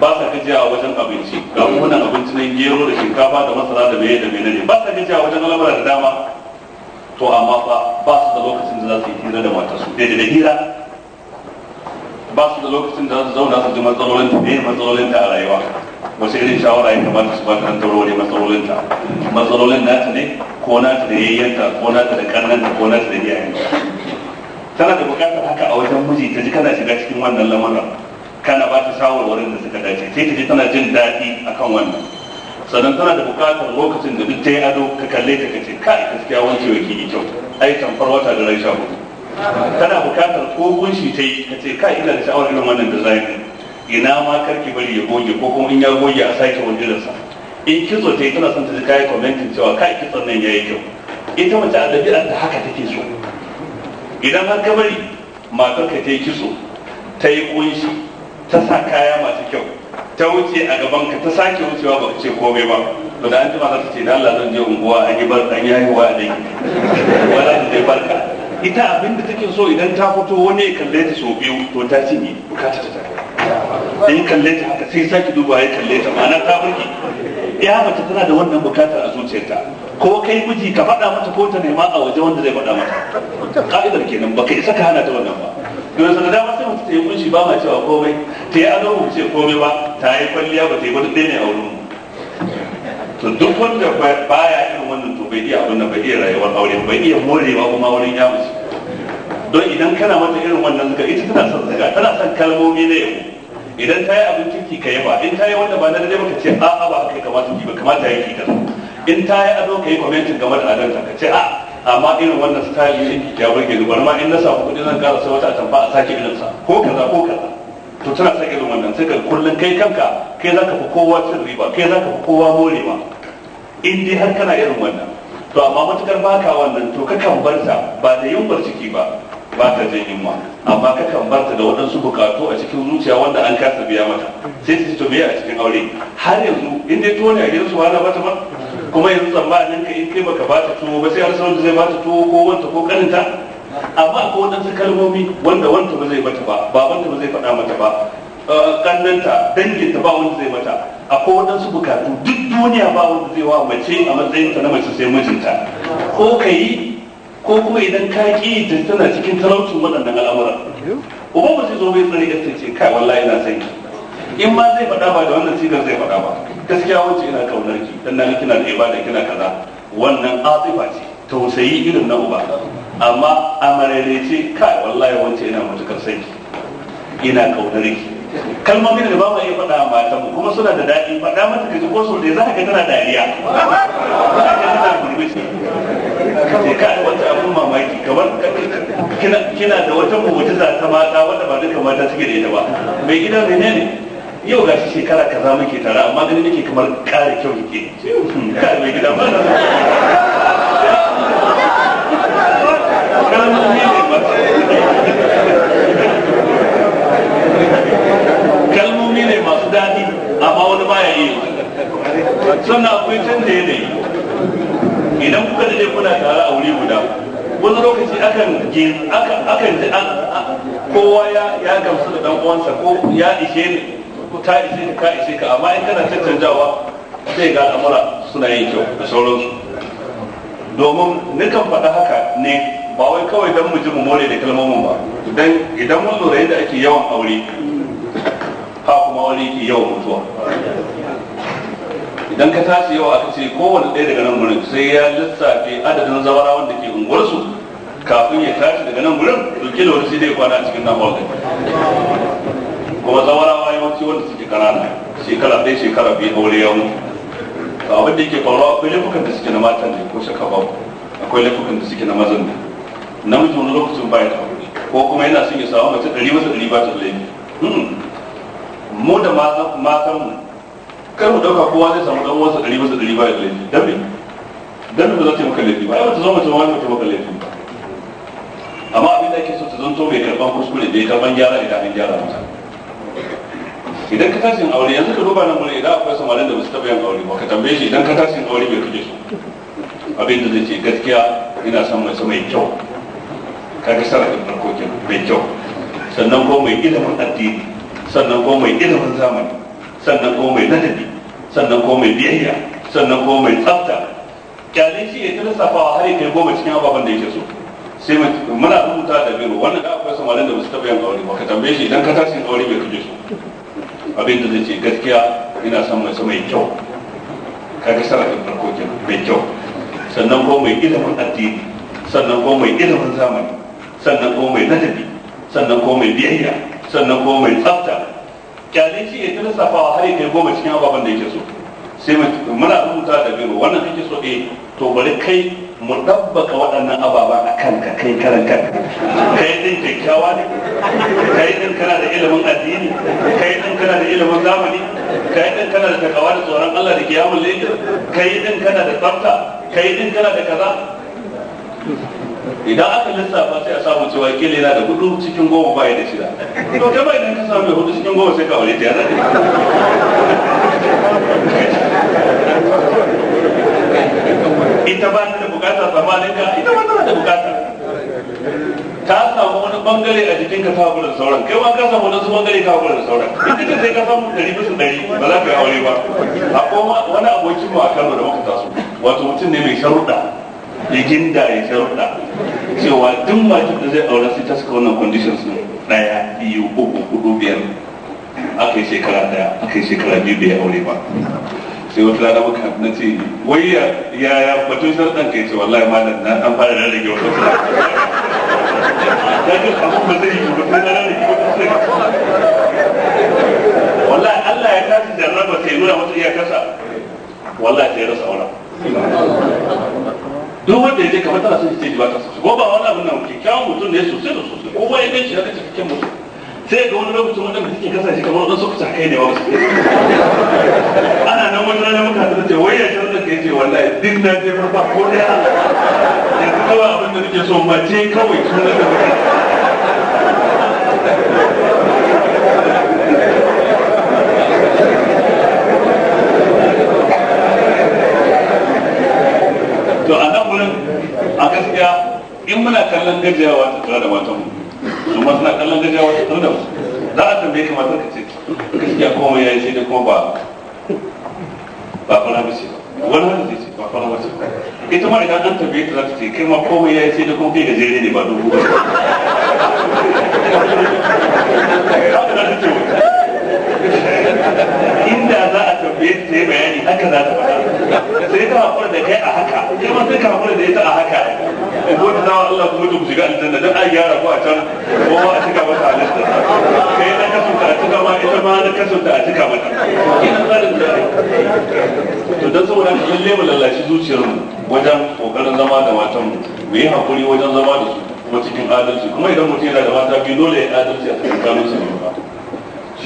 ba sa gajiya wajen abinci ga munan abinci nan gero da shinkafa da masara da meye da menene ba sa gajiya wajen al'amura da dama to amma fa ba su da lokacin da za su yi hira da matarsu daidai da hira ba su da lokacin da za su zauna su ji matsalolin ta ne matsalolin ta a rayuwa wasu irin shawara ya kamata su ba ta tauro wani matsalolin ta matsalolin nata ne ko nata da yayyanta ko nata da karnanta ko nata da iyayenta tana da bukatar haka a wajen miji ta ji kana shiga cikin wannan lamarin kana ba ta shawarwarin da suka dace sai ta ji tana jin daɗi akan wannan sannan tana da bukatar lokacin da duk ta yi ado ka kalle ta ka ce kai gaskiya wance wakili kyau ai tamfar wata da rai shago tana bukatar ko kunshi ta yi ka ce kai ina da sha'awar irin wannan zai ina ma karki bari ya goge ko kuma in ya goge a sake wani sa, in kitso ta yi tana son ta ji kayi commenting cewa kai kitson nan ya yi kyau ita mace a ɗabi'ar ta haka take so idan har ka bari matar ka ta yi kitso ta yi kunshi ta sa kaya masu kyau ta wuce a gaban ka ta sake wucewa ba ce komai ba to da an ji za ce da Allah zan je unguwa an yi bar an yi haihuwa ne wala da zai barka ita abin da take so idan ta fito wani ya kalle ta so biyu to ta ne, bukata ta tafi in kalle ta haka sai sake duba ya kalle ta ma'ana ta burki ya mace tana da wannan bukatar a zuciyarta ko kai miji ka faɗa mata ko ta nema a waje wanda zai faɗa mata ka'idar kenan baka isa ka hana ta wannan ba don sanar da sai mutu ta yi kunshi ba ma cewa komai ta yi ado mu ce komai ba ta yi kwalliya ba ta yi wani ɗaya ne a wurin mu to duk wanda baya irin wannan to bai iya abin da bai iya rayuwar aure bai iya morewa kuma wurin ya mace don idan kana mata irin wannan zuga ita tana son zuga tana son kalmomi na yau idan ta yi abin kiki ka yaba in ta yi wanda ba na dade baka ce a'a ba haka ya kamata ki ba kamata ya ki kaza in ta yi ado ka yi kwamentin game da adalta ka ce a'a amma irin wannan style ne ya burge ni bar ma in na samu kuɗi zan ƙara sai wata tamba a sake irin sa ko kaza ko kaza to tana sake irin wannan sai ka kullun kai kanka kai zaka fi kowa cin riba kai zaka fi kowa morewa in dai har kana irin wannan to amma matukar baka wannan to kakan bar ta ba da yunwar ciki ba ba ta jin yunwa amma kakan bar ta da waɗansu bukatu a cikin zuciya wanda an kasa biya mata sai ta to biya a cikin aure har yanzu in dai tuwo ne a gidansu wala bata ba kuma yanzu tsammanin ka in kai baka ba ta tuwo ba sai har da zai ba ta tuwo ko wanta ko kanta amma ko wadansu kalmomi wanda wanta ba zai mata ba babanta ba zai faɗa mata ba eh, kannanta danginta ba wanda zai mata akwai waɗansu bukatu duk duniya ba wanda zai wa mace a matsayinta na mace sai mijinta ko ka yi ko kuma idan ka ƙi tana cikin talaucin waɗannan al'amuran uba ba zai zo bai tsari ya ce kai wallahi na sanki in ma zai faɗa ba da wannan sigar zai faɗa ba gaskiya wacce ina kaunar ki dan nan kina da ibada kina kaza wannan atifa ce tausayi irin na uba amma ce kai wallahi wacce ina san ki ina kaunar ki kalmomin da ba mu iya faɗa a matan mu kuma suna da daɗi faɗa mata kaji ko sau da za ka ga tana dariya za ka ga tana murmushi kaje ka wata abun mamaki kamar kina da wata mu'jiza ta mata wanda ba duka mata suke da ita ba mai ne ne? yau ga shi shekara kaza muke tare amma gani nake kamar kare kyau yake kare mai gida ba kalmomi ne masu daɗi amma wani baya yi sannan akwai canza yanayi idan kuka daɗe kuna tare a wuri guda wani lokaci akan ji akan kowa ya gamsu da dan uwansa ko ya ishe ne ko ta ishe ka ka ishe ka amma in kana tattaunawa zai ga al'amura suna yin kyau da sauransu domin nukan faɗa haka ne ba wai kawai don mu ji mu more da kalmomin ba dan idan mun lura yadda ake yawan aure ha kuma aure ke yawan mutuwa idan ka tashi yawa aka ce kowane ɗaya daga nan gurin sai ya lissafe adadin zawara wanda ke unguwarsu kafin ya tashi daga nan gurin to kila wani sai dai kwana a cikin nan kuma zawarawa yawanci wanda suke kanana shekara ɗaya shekara biyu aure ya mutu to abin da yake faruwa akwai laifukan da suke na matan ne ko shaka babu akwai laifukan da suke na mazan ne namiji wani lokacin bayan da aure ko kuma yana son ya samu mace ɗari masa ɗari ba ta laifi hmm. mu da matan mu kar mu dauka kowa zai samu ɗan wasa ɗari masa ɗari ba ta laifi dan me dan ba za ta maka laifi ba ai wata zo mace ma wani maka laifi ba amma abin da ake so ta zanto mai karban kuskure da ya karban gyara idan an gyara mutane idan ka tashin aure yanzu ka duba nan gurin idan akwai samarin da ba su taɓa yin aure ba ka tambaye shi idan ka tashin aure mai kake so abin da zai ce gaskiya ina son mace mai kyau ga sarrafin farko kenan mai kyau sannan ko mai ilimin addini sannan ko mai ilimin zamani sannan ko mai ladabi sannan ko mai biyayya sannan ko mai tsafta kyalin shi ya tilasta lissafawa har ya kai goma cikin ababen da yake so sai mu muna rubuta da biro wannan da akwai samarin da ba su taɓa yin aure ba ka tambaye shi idan ka tashi aure mai kake so abin da zai ce gaskiya ina son mace mai kyau kaga sarrafin farko kenan mai kyau sannan ko mai ilimin addini sannan ko mai ilimin zamani sannan ko mai ladabi sannan ko mai biyayya sannan ko mai tsafta kyale shi ya tana safawa har ya kai goma cikin ababen da yake so sai muna rubuta da biro wannan kake so eh to bari kai mu ɗabbaka waɗannan ababa a kanka kai karan kanka kai ɗin kyakkyawa ne kai ɗin kana da ilimin addini kai ɗin kana da ilimin zamani kai ɗin kana da takawa da tsoron Allah da kiyamun laifin kai ɗin kana da tsafta kai ɗin kana da kaza idan aka lissafa sai a samu cewa kila yana da hudu cikin goma baya da shida to kai bai ka samu hudu cikin goma sai ka aure ta yana ita ba ta da bukata tsammanin ka ita ba ta da bukata ka samu wani bangare a jikin ka samu da sauran kai ma ka samu wani bangare ka samu da sauran ita sai ka samu dari bisa dari ba za ka yi aure ba a koma wani abokin mu a Kano da muka taso wato mutum ne mai sharuɗa ya ginda ya sharuɗa cewa duk matar da zai aure sai ta saka wannan conditions ne ɗaya biyu uku hudu biyar aka yi shekara ɗaya aka yi shekara biyu bai aure ba sai wata rana muka haɗu na ce wai ya ya batun sharɗan kai ce wallahi malam na an fara rage wata sharɗan ya ga abin ba zai yi ba sai na rarrage wata sharɗan wallahi Allah ya tashi ta yi nuna wata iya kasa wallahi ta yi rasa aura duk wanda ya je kamar tana sun shi ce ba ta sosai ko ba wani abin nan kyakkyawan mutum ne sosai da sosai ko ba ya gaishe haka cikakken mutum sai ga wani lokacin wanda mutum ke kasance kamar wani su fita kai ne wasu ana nan wani rana muka da ce wai ya shan da kai ce wallahi duk na je ba ko da ya yanzu kawai abin da nake so mace kawai sun da mutum to a nan gurin a gaskiya in muna kallon gajiyawa ta tare da matanmu amma suna kallon gajiya wata tun da za a tambaye ka matar ka ce gaskiya komai ya yi shi da kuma ba ba fara ba ce ba wani wani zai ce ba fara ba ce ba ita ma idan an tambaye ta za ta ce kai ma komai ya yi shi da kuma kai gajere ne ba dubu ba inda je ta yi bayani haka za ta sai ta da kai a haka kai ma sai ka haƙura da ita a haka ko ta zama Allah kuma duk shiga aljanna dan an gyara ko a can ko a cika mata halitta kai na a cika ma ita ma na a cika mata ina tsarin da to dan saboda lalle mu lallashi zuciyarmu wajen kokarin zama da matan mu yi hakuri wajen zama da su kuma cikin adalci kuma idan mutum yana da mata biyu dole ya adalci a cikin kanunsa ne ba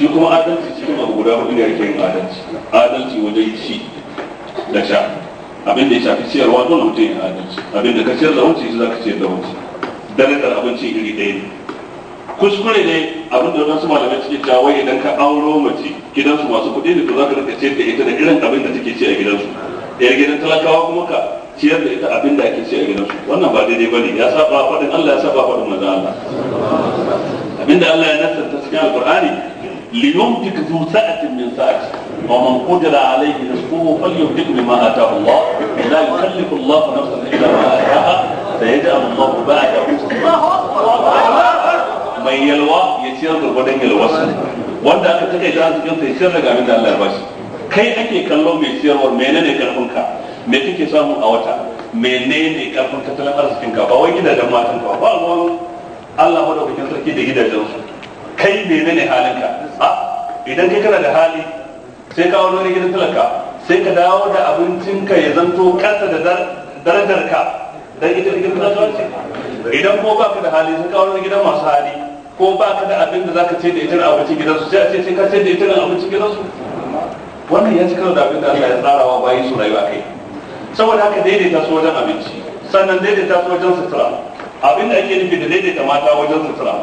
shi kuma adalci cikin abu guda hudu ne yake yin adalci adalci wajen ci da sha abin da ya shafi ciyarwa dole mutum ya adalci abin da ka ciyar da wancan shi za ka ciyar da wancan darajar abinci iri ɗaya ne kuskure ne abin da wasu malamai suke cewa idan ka auro mace gidansu masu kuɗi ne to za ka rika ciyar da ita da irin abin da take ci a gidansu yar gidan talakawa kuma ka ciyar da ita abin da ake ci a gidansu wannan ba daidai ba ne ya saba faɗin Allah ya saba faɗin manzon Allah abinda Allah ya nasarta cikin alkur'ani لينفق ذو سعة من سعته ومن قدر عليه رزقه فلينفق بما آتاه الله لا يكلف الله نفسا إلا ما آتاها سيجعل الله بعد mai yalwa ya ciyar gurgurdan wanda aka take ta su sai ciyar daga abin da Allah ya bashi kai ake kallo mai ciyarwar menene karfin ka me kake samu a wata menene karfin tattalin arzikin ka ba wai gidajen matan ka ba Allah sarki da gidajen su kai menene halin ka idan kai kana da hali sai ka wani gidan talaka sai ka dawo da abincinka ya zanto kansa da darajar ka don ita cikin kasuwanci idan ko baka da hali sai ka wani gidan masu hali ko baka da abin da zaka ce da ita abincin gidansu sai a ce sai ka ce da ita abincin gidansu wannan ya ci karo da abin da Allah ya tsarawa bayan su rayuwa kai saboda haka daidaita su wajen abinci sannan daidaita su wajen sutura abin da ake nufi da daidaita mata wajen sutura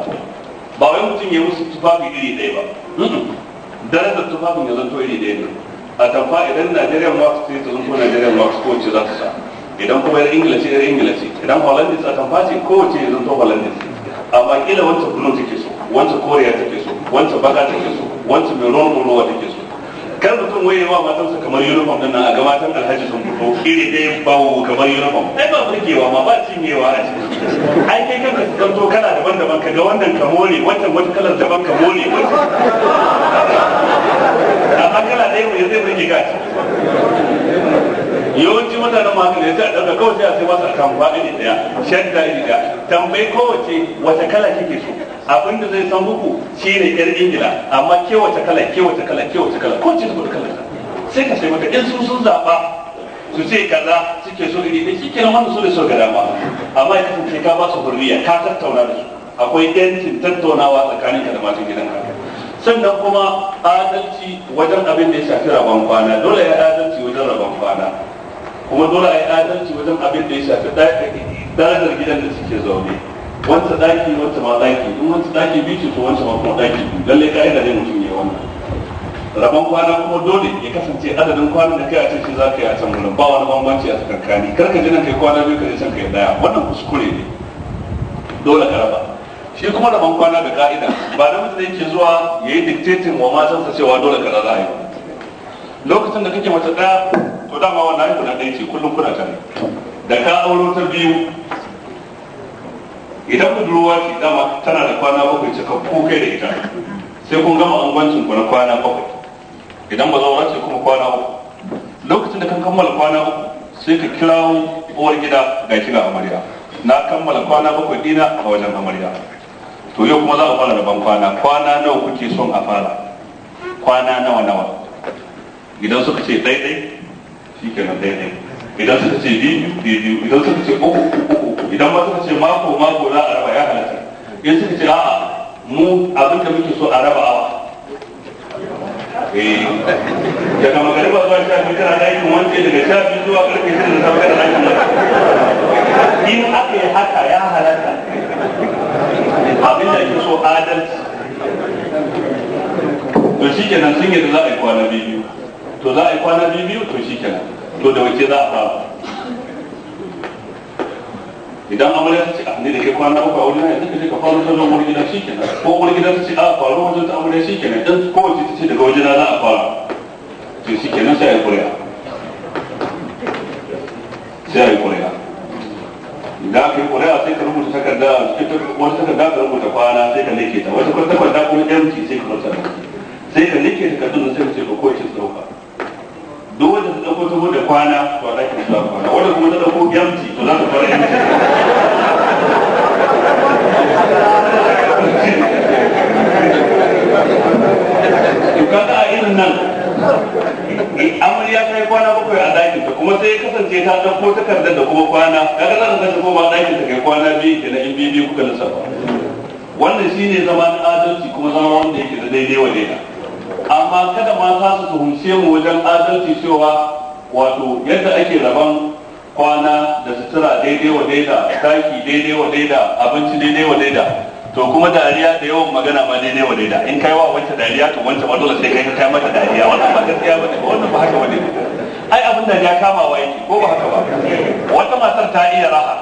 ba wai mutum ya yi musu tufafi iri ɗaya ba darajar tufafin ya zanto iri ɗaya ne a tamfa idan Nigerian wax sai ta ko Nigerian wax ko ce za sa idan kuma yar Ingila ce yar ce idan Hollandis a tamfa ce kowace ce to zanto a amma kila wancan blue take so wancan koriya take so wancan baka take so wancan mai ruwan ruwa take so kar mutum waye wa matansa kamar uniform din nan a gabatan alhaji sun fito iri ɗaya bawo kamar uniform ai ba burgewa ma ba cinyewa a ciki ai kai kan ka kanto kana daban-daban ka ga wannan ka more wannan wata kalar daban ka more amma kala dai mu zai burge ka yawanci mutanen masu da sai a ɗauka kawai sai a sai masa atamfa iri ɗaya shadda iri ɗaya tambayi kowace wata kala kike so abinda da zai san muku shine yan ingila amma kewace kala kewace kala kewace kala ko cikin su kala sai ka sai maka in su sun zaba su ce kaza suke so da ne kike nan wannan so da so gada ma. amma ya kasance ka ba su hurriya ka tattauna da su akwai yancin tattaunawa tsakaninka da matan ka sannan kuma adalci wajen abin da ya shafi rabon kwana dole ya adalci wajen rabon kwana kuma dole ya adalci wajen abin da ya shafi darajar gidan da suke zaune wanta daki wanta ma daki in wanta daki biyu ce to wanta ba kuma daki biyu lalle ka'ida ne mutum ya wannan rabon kwana kuma dole ya kasance adadin kwana da kai a cikin za ka yi a can gurin ba wani bambanci a tsakankani kar ka ji kai kwana biyu ka je can kai daya wannan kuskure ne dole ka raba shi kuma rabon kwana da ka'ida ba da mutum yake zuwa ya yi dictating wa sa cewa dole ka raba lokacin da kake mace daya to dama wannan haihu na ɗaya ce kullum kuna tare da ka auro ta biyu idan budurwa ce dama tana da kwana bakwai cikakku kai da ita sai kun gama angwancin ku na kwana bakwai idan ba zaura ce kuma kwana uku lokacin da kan kammala kwana uku sai ka kirawo uwar gida ga kira amarya na kammala kwana bakwai dina a wajen amarya to yau kuma za a fara rabon kwana kwana nawa kuke son a fara kwana nawa nawa idan suka ce daidai shi kenan daidai idan suka ce biyu biyu idan suka ce uku uku uku idan ma suka ce mako mako za a raba ya halatta in suka ce a'a mu abin da muke so a raba awa eh, daga magariba zuwa sha biyu tana aikin wance daga sha biyu zuwa karfe shida da safe tana aikin wance in aka yi haka ya halatta abin da ake so adalci to shi kenan sun yi da za a yi kwana biyu to za a yi kwana biyu to shi kenan to da wace za a ba idan amarya ta ce a ah, ne da ke kwana uku a wurin na yanzu ka ka faru ta zon gida shi kenan ko wani gida ta ce a ah, faru wajen ta amarya shi kenan dan kowace ta ce daga wajena za a fara ce shi kenan sai a yi kuri'a sai a yi kuri'a da aka yi kuri'a sai ka rubuta takarda wata takarda ka rubuta kwana sai ka leke ta wata kwata kwata kuma yanci sai ka rubuta sai ka leke takardun sai ka ce ka kowace su duk wanda ta dauko dubu da kwana to za ki zuwa kwana wanda kuma ta dauko yamci to za ta fara yamci to kaga a irin nan amarya ta yi kwana bakwai a ɗakin ta kuma sai kasance ta dauko takardar da kuma kwana kaga za ta kasance kuma ɗakin ta kai kwana biyu kenan in biyu biyu kuka lissafa wannan shine zama na adalci kuma zama wanda yake da daidai wa daidai amma kada mata su tuhumce mu wajen adalci cewa wato yadda ake rabon kwana da sutura daidai wa daida taki daidai wa daida abinci daidai wa daida to kuma dariya da yawan magana ma daidai wa daida in kai wa wancan dariya to wancan ma dole sai kai ka kai mata dariya wannan ba gaskiya bane ba wannan ba haka bane ai abin da ya kama wa yake ko ba haka ba wata matar ta iya raha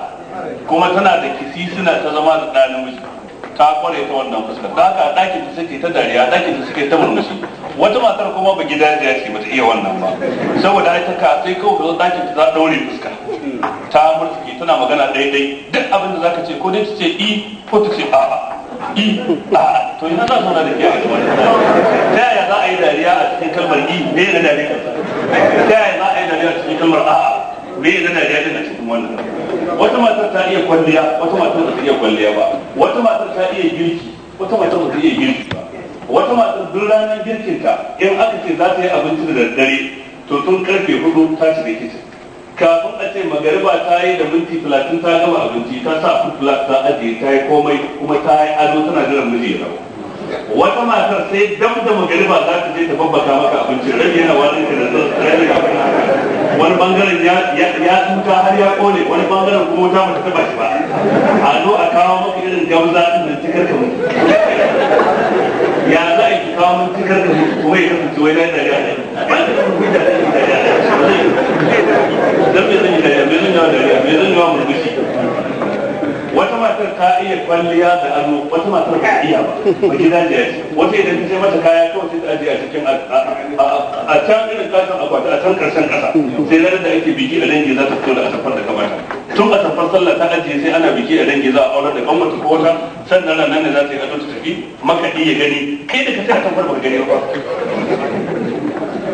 kuma tana da kisi suna ta zama da ɗan namiji ka kware ta wannan fuskar ta haka ɗakin ta suke ta dariya ɗakin ta suke ta murmushi wata matar kuma ba gida ya ce ta iya wannan ba saboda ai ta ka sai ka zo ɗakin ta za ɗaure fuska ta murtuki tana magana daidai duk abin da zaka ce ko dai ta ce i ko ta ce a'a i a'a to ina za zauna da ke a ta yaya za a yi dariya a cikin kalmar i me na dariya ta yaya za a yi dariya a cikin kalmar a'a me ne na dariya din a cikin wannan wata matar ta iya kwalliya wata matar ba ta iya kwalliya ba wata matar ta iya girki wata matar ba ta iya girki ba wata matar duk ranar girkinta in aka ce za ta yi abinci da daddare to tun karfe hudu ta shiga kicin kafin a ce magariba ta yi da minti talatin ta gama abinci ta sa food plus ta ajiye ta yi komai kuma ta yi ado tana jiran miji ya rabu wata matar sai dam da magariba za ta je ta babbaka maka abinci rabi yana wani da rabi wani bangaren ya tuta har ya kone wani bangaren kuma wuta mata taba shi ba a zo a kawo maka irin gamza din da cikar ka mutu ya za a yi kawo mun cikar ka mutu kuma ya kasance wai dai dariya ne ba da kuma da dariya dan me zan yi dariya ba da ya dariya me zan yi murmushi wata matar ta iya kwalliya da ado wata matar ba iya ba ba gida da yaji wata idan ta mata kaya kawai sai ta ajiye a cikin a can irin kasan akwati a can karshen kasa sai ranar da ake biki a dangi za ta fito da asafar da kamata tun asafar sallah ta ajiye sai ana biki a dangi za a aurar da kanwata ko wata sannan nan da za ta yi ado ta tafi maka iya gani kai da ka ta asafar ba gani ba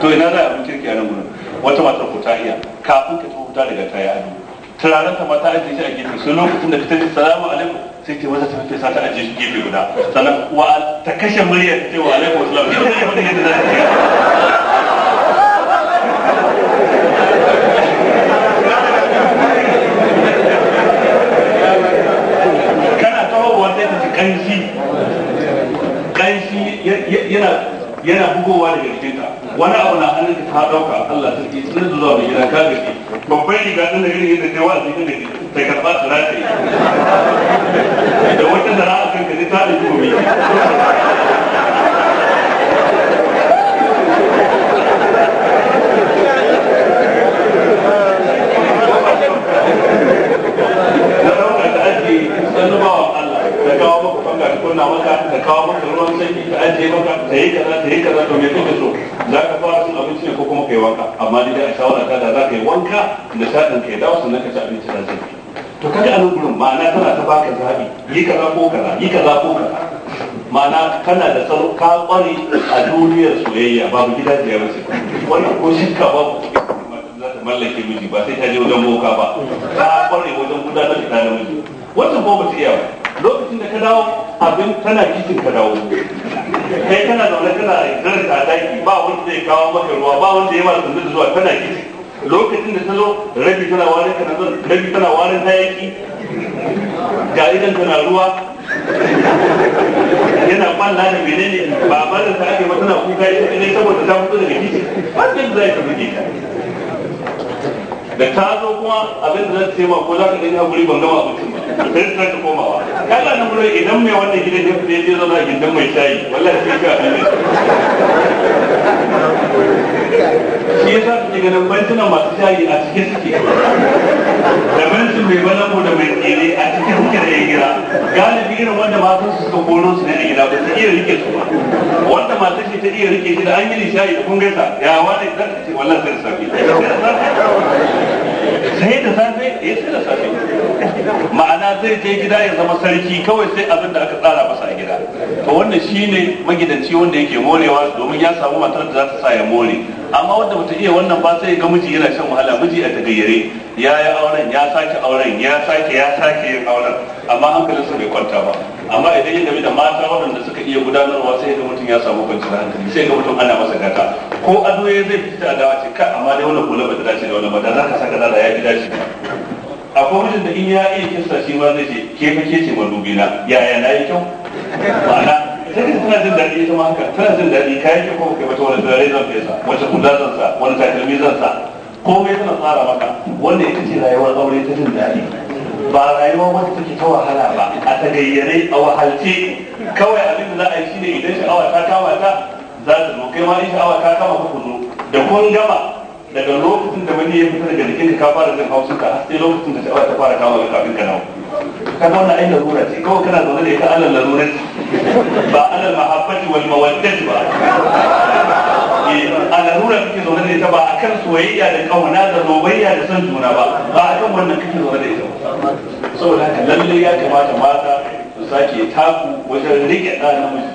to ina za a abin kirki a nan gudun wata matar ko ta iya kafin ka ta daga ta yi ado turaren ta mata ajiye shi a gefe sai lokacin da ta salamu alaikum sai ce wata tafi sa ta ajiye shi gefe guda sannan wa ta kashe muryar ta ce wa alaikum assalam ta kashe muryar da za ta ce kana tahowa sai ta ci kanshi kanshi yana yana bugowa daga jikinta wani abu na hannun ta dauka ne da kai wa'azi kan gaji bai karɓa su rataye da wata da ra'a kan gaji ta da dubu mai wanka nishaɗin kai dawo sannan ka ci abinci na zai to kaga a nan gurin ma'ana tana ta baka zaɓi yi kaza ko kaza yi kaza ko kaza ma'ana kana da tsaro ka ƙware a duniyar soyayya babu gida da yawa sai wani ko shakka babu za ta mallake miji ba sai ta je wajen boka ba ta ƙware wajen gudanar da ɗan miji wancan ko ba ta iya ba lokacin da ka dawo abin tana kicin ka dawo kai kana zaune kana zarta a daki ba wanda zai kawo maka ruwa ba wanda ya ma da zuwa tana kicin lokacin da ta zo rabi tana warin ka kanazon rabi tana warin hayaki ga idan tana ruwa yana balla da menene ba ba da ta ake tana kuka ita ne saboda ta fito daga kici ba ta zai ta buge ta da ta zo kuma abin da za ta ce ma ko za ka gani guri ban gama abincin ba sai ta ta komawa kala na mura idan mai wannan gidan ya fita ya je zauna a gindan mai shayi wallahi sai ka shi yasa kake ganin bantunan masu shayi a cikin suke da bantin mai balabo da mai tsere a cikin suke da yan gane galibi irin wanda matan su suka koro su ne a gida ba su iya rike su ba wanda matan shi ta iya rike shi da an yi nishayi da kun gaisa ya wani zan ce wallan sai da sai da safe ya eh, sai da safe ma'ana zai je gida ya zama sarki kawai sai abin da aka tsara masa a gida ba wannan shine magidanci wanda yake morewa domin ya samu matar da za ta sa ya more amma wanda bata iya wannan ba sai ga miji yana shan wahala miji a tagayyare ya yi auren ya sake auren ya sake ya sake yin auren amma hankalinsa bai kwanta ba amma idan ya game da mata waɗanda suka iya gudanarwa sai ga mutum ya samu kwanciyar hankali sai ga mutum ana masa gata ko ado ya zai fita a dawa ce ka amma dai wannan kula ba ta dace da wannan ba da za ka saka zara ya fi dace akwai mutum da in ya iya kisa shi ma zai ce ke fa ke ce ma dubina yaya na yi kyau ma'ana sai ka tana jin daɗi ita ma haka tana jin daɗi kayan ki kuma kai mata wani turare zan fesa wace kula zan sa wani takalmi zan sa komai tana tsara maka wanda ita ce rayuwar aure ta jin daɗi ba rayuwa wanda take ta wahala ba a tagayyare a wahalce kawai abin da za a yi ne idan sha'awa ta kama ta za ta zo kai ma in sha'awa ta kama ka kuzo da kun gama daga lokacin da mani ya fita daga jikinka ka fara jin hausuka sai lokacin da sha'awa ta fara kama ka kafin ka nawa kaga wannan ai larura ce kawai kana zaune da ita alal larura ba alal mahabbati wal mawaddati ba eh, a larura kake zaune da ita ba akan soyayya da kauna da zobayya da son juna ba ba akan wannan kake zaune da ita saboda haka lalle ya kamata mata su sake taku wajen rike ɗa namiji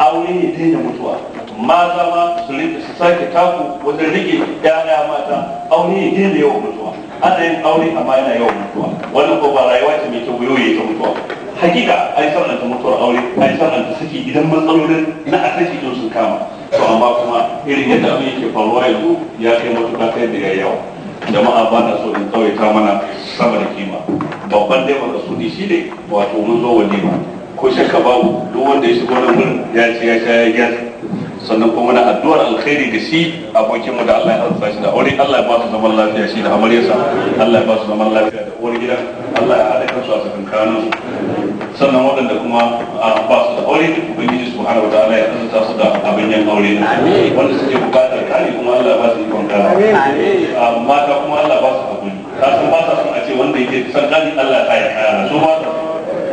aure ne daina mutuwa mata ma su sake taku wajen rike ɗaya mata aure ne daina yawan mutuwa ana yin aure amma yana yawan mutuwa wannan ko ba rayuwa ce mai kyau yoye ta mutuwa hakika an sananta mutuwar aure an sananta saki idan matsalolin na a asasi din sun kama to amma kuma irin yadda abin yake faruwa yanzu ya kai matuƙa kai da yawa jama'a ba na so in ta mana sama da kima babban dai su ne shi ne wato mun zo walima ko shakka babu duk wanda ya shigo nan gurin ya ce ya sha ya gyara sannan kuma muna addu'ar alkhairi da shi abokinmu da Allah ya arzuta shi da aure Allah ya ba su zaman lafiya shi da amaryarsa Allah ya ba su zaman lafiya da uwar gida Allah ya haɗa su a cikin tsakankanin sannan waɗanda kuma a ba su da aure ubangiji subhanahu wataala ya arzuta su da abin yan aure wanda suke buƙatar kari kuma Allah ya ba su ikon kara mata kuma Allah ba su hakuri ta san ba su a ce wanda yake san kari Allah ya kaya kaya su ba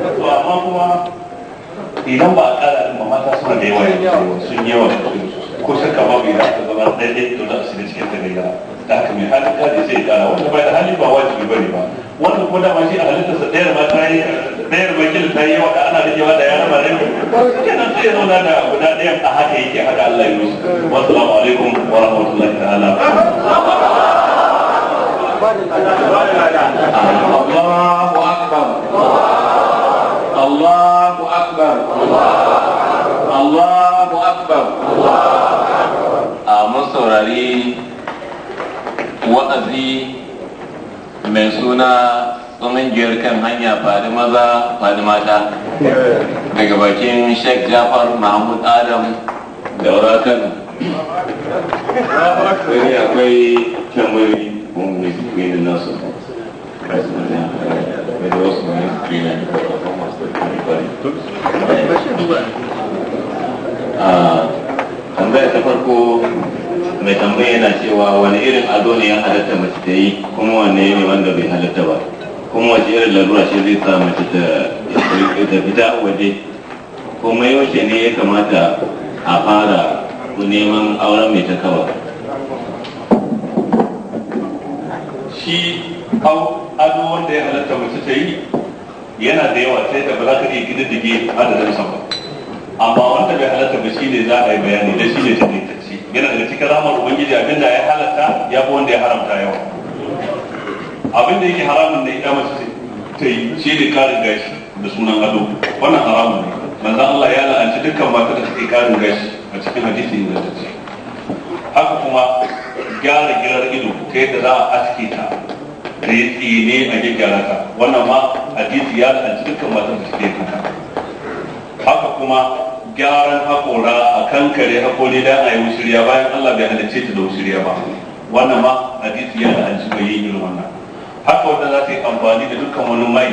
su amma kuma idan ba a kara mata suna da yawa sun yawa ko shakka babu ya ta daidai to na asiri cikin ta gayyara da haka mai halin kaji sai ya kara wanda da hali ba wajibi bane ba wannan ko dama shi a halittarsa ɗayar ma ta yi ɗayar wakil ta yi yawa da ana da yara ba rai kenan sai ya zauna da guda ɗayan a haka yake haka Allah ya musu wasu alaikum wa rahmatullahi ta'ala الله Allahu Akbar a masaurari saurari wa'azi mai suna giyar kan hanya fadi maza fadi mata daga bakin Sheikh Jafar Mahmud Adam daura Kano sai akwai tambayoyi mun ne su ne nasu Thank you. tambaya ta farko mai tambaya yana cewa wani irin ado ne ya halatta mace ta yi kuma wanne ne wanda bai halatta ba kuma wace irin larura shi zai sa mace ta fita waje kuma yaushe ne ya kamata a fara neman auren mai ta kawa shi ado wanda ya halatta mace ta yi yana da yawa sai da ba za ka iya gididdige adadin sa ba amma wanda bai halatta ba ne za a yi bayani da shi ne ta tantance yana daga cikin ramar ubangiji abin da ya halatta ya fi wanda ya haramta yawa abin da yake haramun da ita mace ta yi shi ne karin gashi da sunan ado wannan haramun ne manzan Allah ya la'anci dukkan mata da suke karin gashi a cikin hadisi ce haka kuma gyara girar ido ta yadda za a aske ta da ya tsine a gyaggyara ta wannan ma hadisi ya la'anci dukkan mata da suke karin haka kuma gyaran hakora a kare hakori da a yi wushiriya bayan Allah bai halicce ta da wushiriya ba wannan ma hadisi ya da hanci bai yi irin wannan haka wanda za ta yi amfani da dukkan wani mai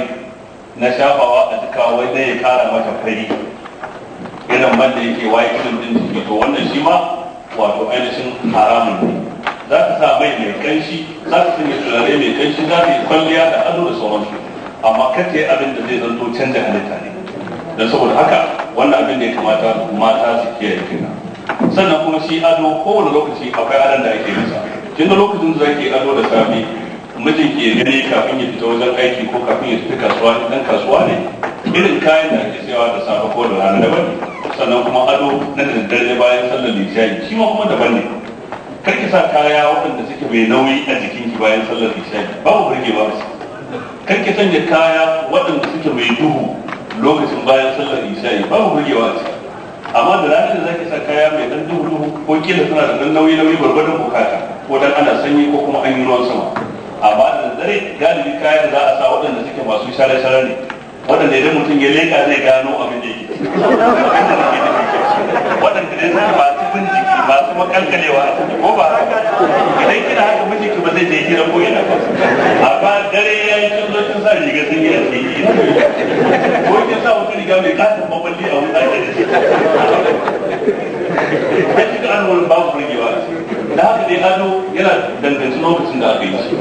na shafawa a duka wai ya kara mata fari irin man da yake waye kudin din jiki to wannan shi ma wato ainihin haramun ne za ta sa mai mai kanshi za ta sanya turare mai kanshi za ta yi kwalliya da ado da sauransu amma kace abin da zai zanto canja halitta ne da saboda haka wannan abin da ya kamata mata su kiyaye kina sannan kuma shi ado kowane lokaci akwai adon da ake nisa kin lokacin da zaki ado da safe mijin ke gani kafin ya fita wajen aiki ko kafin ya fita kasuwa dan kasuwa ne irin kayan da ake sayawa da safe ko da rana daban ne sannan kuma ado na daddare bayan sallar lishayi shi ma kuma daban ne karki sa kaya waɗanda suke mai nauyi a jikinki bayan sallar lishayi babu ba kar ki sanya kaya waɗanda suke mai duhu lokacin bayan sallar isha'i babu burgewa a amma da ranar da zaki sa kaya mai dan duhu ko kila suna da dan nauyi nauyi barbadan bukata ko dan ana sanyi ko kuma an yi ruwan sama amma da dare galibi da za a sa waɗanda suke masu share share ne waɗanda idan mutum ya leka zai gano abin da yake waɗanda ne suke ba tufin ba kuma kalkalewa a ciki ko ba idan kina haka miji ki ba zai je jira ko ina ba amma dare ya yi kin zo kin sa riga sun yi a ciki ko ya sa wata riga mai katin maballi a wuta ke da shi ta ci da annuwar babu burgewa da haka dai ado yana danganci lokacin da aka yi shi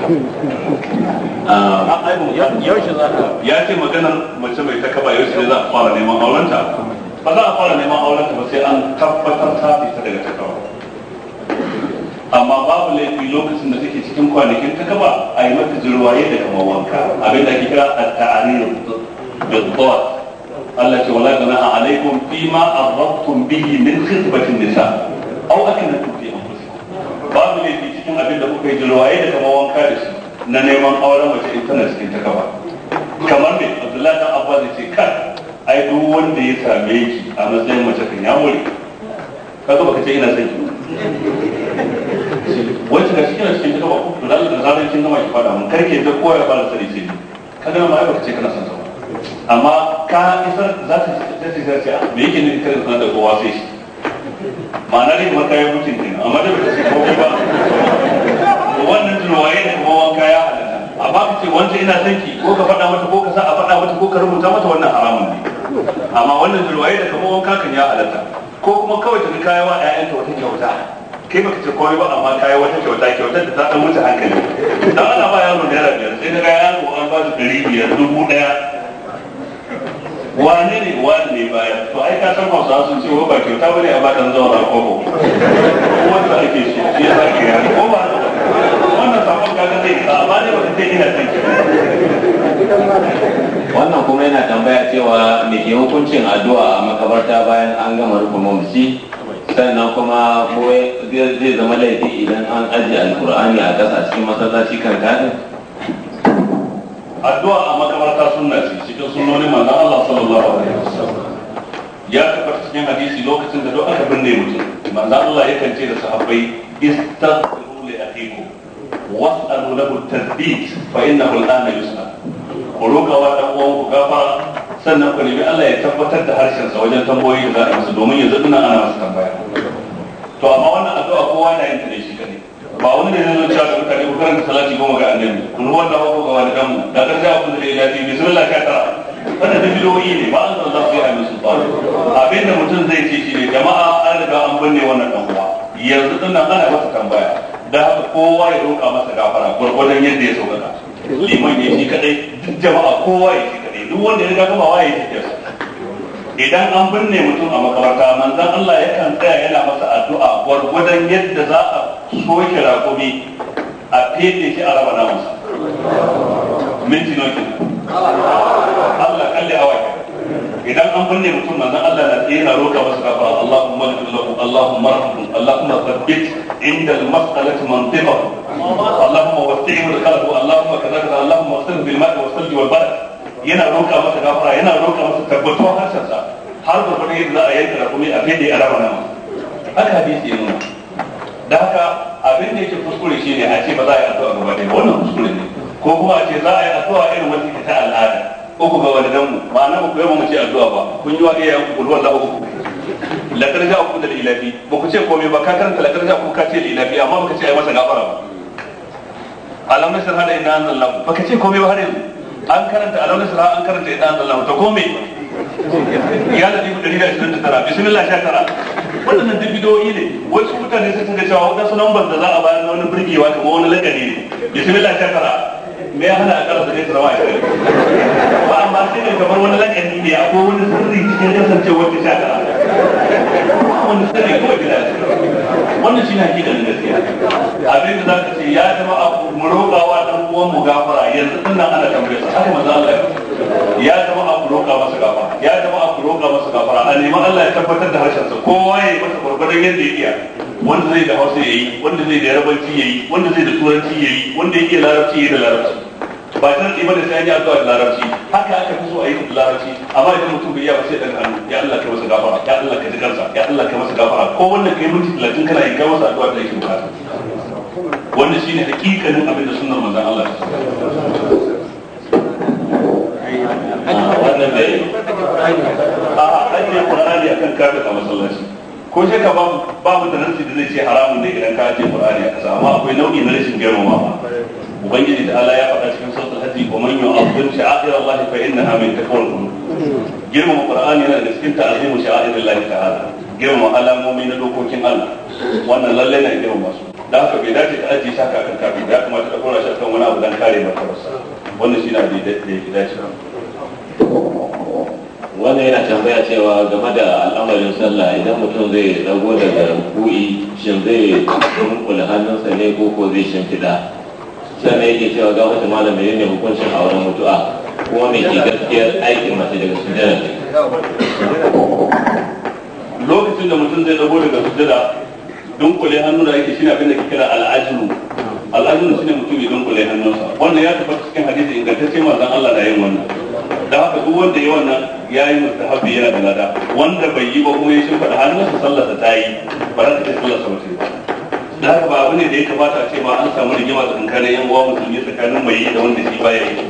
ah, ya ce maganar mace mai ta kaba yaushe ne za a fara neman aurenta ba za a fara neman auren ta ba sai an tabbatar ta fita daga takawa amma babu laifi lokacin da take cikin kwanakin ta kaba a yi mata jirwaye da kamar wanka abin da ake kira at-ta'arir bil-dawat Allah ce wala a alaikum fima arrabtum bihi min khitbatin nisa aw akinatu fi anfusikum babu laifi cikin abin da kuka yi jirwaye da kamar wanka da shi na neman auren mace in tana cikin ta kaba kamar ne Abdullahi dan Abbas ce kan ai duk wanda ya same ki a matsayin mace kan ya more kaga baka ce ina son ki wacce ga cikin cikin ta ba ku da Allah da zaran kin gama ki fada mun karke da koyar ba fara sani sai kaga ma ai baka ce kana son ta amma ka isar za ta ta ce sai a me yake ne ka sanar da kowa sai shi ma'ana ne maka ya mutun din amma da baka ce komai ba wannan tunawaye ne kuma wanka ya halatta ba ka ce wanda ina son ki ko ka faɗa mata ko ka sa a faɗa mata ko ka rubuta mata wannan haramun ne amma wannan bilwaye da kamar wanka kan ya alata ko kuma kawai ta kayan wa ƴaƴanta wata kyauta kai baka ce kawai ba amma kayan wata kyauta kyautar da ta ɗan wuce hankali da ana ba yaro naira biyar sai na ga yaro an ba su ɗari biyar dubu ɗaya wane ne wane ne baya to ai ka san hausa sun ce ba kyauta wani a ba dan zauna kobo wanda ake so shi ya sake ya ko ba wannan sabon kaga zai ka ba ne ba zai ina san wannan kuma yana tambaya cewa me ke hukuncin addu'a a makabarta bayan an gama rufe mamaci sannan kuma zai zama laifi idan an ajiye alkur'ani a ƙasa cikin masallaci kan gadin addu'a a makabarta sunna ce cikin sunnonin manzon Allah sallallahu alaihi wasallam ya tabbata cikin hadisi lokacin da duk aka binne mutum manzon Allah yakan ce da sahabbai istaghfiru li akhikum was'alu lahu at-tathbit fa innahu al-ana yus'al ku roƙa wa dan uwan ku gafara sannan ku nemi Allah ya tabbatar da harshen sa wajen tambayoyi da za a musu domin yanzu ina ana musu tambaya to amma wannan addu'a kowa yana yin ta ne shi kadai ba wani da zai zo cewa da mutane ku karanta salati goma ga annabi ku ruwa da hawo ga wani dan da ka ja abin da ya dace bismillah ka tara wannan da bidoyi ne ba Allah zai yi musu ba abinda mutum zai ce shi ne jama'a an riga an binne wannan dan uwa yanzu dinnan ana masa tambaya da haka kowa ya roƙa masa gafara gwargwadon yadda ya sauƙaƙa liman ya shi kadai jama'a kowa ya shi kadai duk wanda ya gamawa ya shi idan an binne mutum a makabarta manzon Allah yakan tsaya yana masa addu'a gwargwadon yadda za a soke rakumi a fete shi a raba namusa minti nawa Allah kalli awa idan an binne mutum manzon Allah na tsaye na roƙa masa gafara Allahumma lahu Allahumma rahmu Allahumma thabbit inda al-mas'alati mantiqahu اللهم وسعه ودخله اللهم كذا كذا اللهم اغسله بالماء والثلج والبرد yana roƙa masa gafara yana roƙa masa tabbatuwar harshensa har da wani yadda za a yanka rakumi a fede a raba nama haka hadisi yana da haka abin da yake kuskure shine a ce ba za a yi addu'a gaba ɗaya wannan kuskure ne ko kuma a ce za a yi addu'a irin wanda ta al'ada uku ga walidan mu ma'ana ba ku mu ce addu'a ba kun yi wa iyayen ku kulwar da uku la ja ku da ilafi ba ku ce komai ba ka karanta lakar ja ku ka ce ilafi amma ba ka ce ai masa gafara ba alamun sirha da ina anzal lahu baka ce komai ba harin an karanta alamun sirha an karanta ina an lahu ta komai ya da dubu ɗari da ashirin da tara bismillah sha tara waɗannan duk bidoyi ne wasu mutane sun ga cewa waɗansu lambar da za a bayar na wani burgewa kamar wani lakani ne bismillah sha tara me ya hana a da ne tarawa wa a ba amma sai ne kamar wani lakani ne akwai wani sirri cikin kasancewar ta sha tara wani sirri kawai gida wannan shine hakikanin gaskiya abin da ka ce ya jama'a mu roƙawa dan uwan mu gafara yanzu din nan ana tambaye sa haka manzo Allah ya jama'a abu roƙa masa gafara ya jama'a ku roƙa masa gafara a neman Allah ya tabbatar da harshen sa kowa ya yi masa gurgurdan yadda ya iya wanda zai da Hausa yi wanda zai da Yarabanci yi wanda zai da Turanci yi wanda ya iya Larabci yi da Larabci ba ta tsiba da sai an yi da larabci haka aka fi so a yi da larabci amma idan mutum bai yi ba sai dan hannu ya Allah ka masa gafara ya Allah ka ji ya Allah ka masa gafara ko wannan kai minti 30 kana yi ga sa addu'a da yake bukata wannan shine hakikanin abin da sunan manzon Allah wannan dai a ajiye qur'ani akan kafin a masallaci ko sai ka babu da nan da zai ce haramun da idan ka ce qur'ani a kasa amma akwai nau'i na rashin girmamawa ubangiji da Allah ya faɗa cikin suratul hajji wa man yu'azzim sha'air Allah fa innaha min taqwal qulub girmama qur'ani yana da cikin ta'zimu sha'air Allah ta'ala girmama alamomi na dokokin Allah wannan lalle na girmama su da haka bai dace ta aji shaka kan kafin ya kamata ta kora shi kan wani abu dan kare martabarsa wannan shi na da ya dace wannan yana tambaya cewa game da al'amarin sallah idan mutum zai rago daga ku'i shin zai rumkula hannunsa ne ko ko zai shimfiɗa mai yake cewa ga wata malam yin hukuncin wurin mutu'a kuma me ke gaskiyar aikin masu daga sujjada lokacin da mutum zai dago daga sujjada dunkule hannu da yake shine abinda ke kira al'ajlu al'ajlu shine mutum ya dunkule hannunsa wannan ya tabbata cikin hadisi ingantacce manzon Allah da yin wannan da haka duk wanda ya wannan ya yi mustahabi yana da lada wanda bai yi ba kuma ya shimfiɗa hannunsa sallarsa ta yi ba za ta ce sallarsa ba da haka ba abu ne da ya kamata a ce ma an samu rigima tsakanin yan uwa musulmi tsakanin mai yi da wanda shi baya yi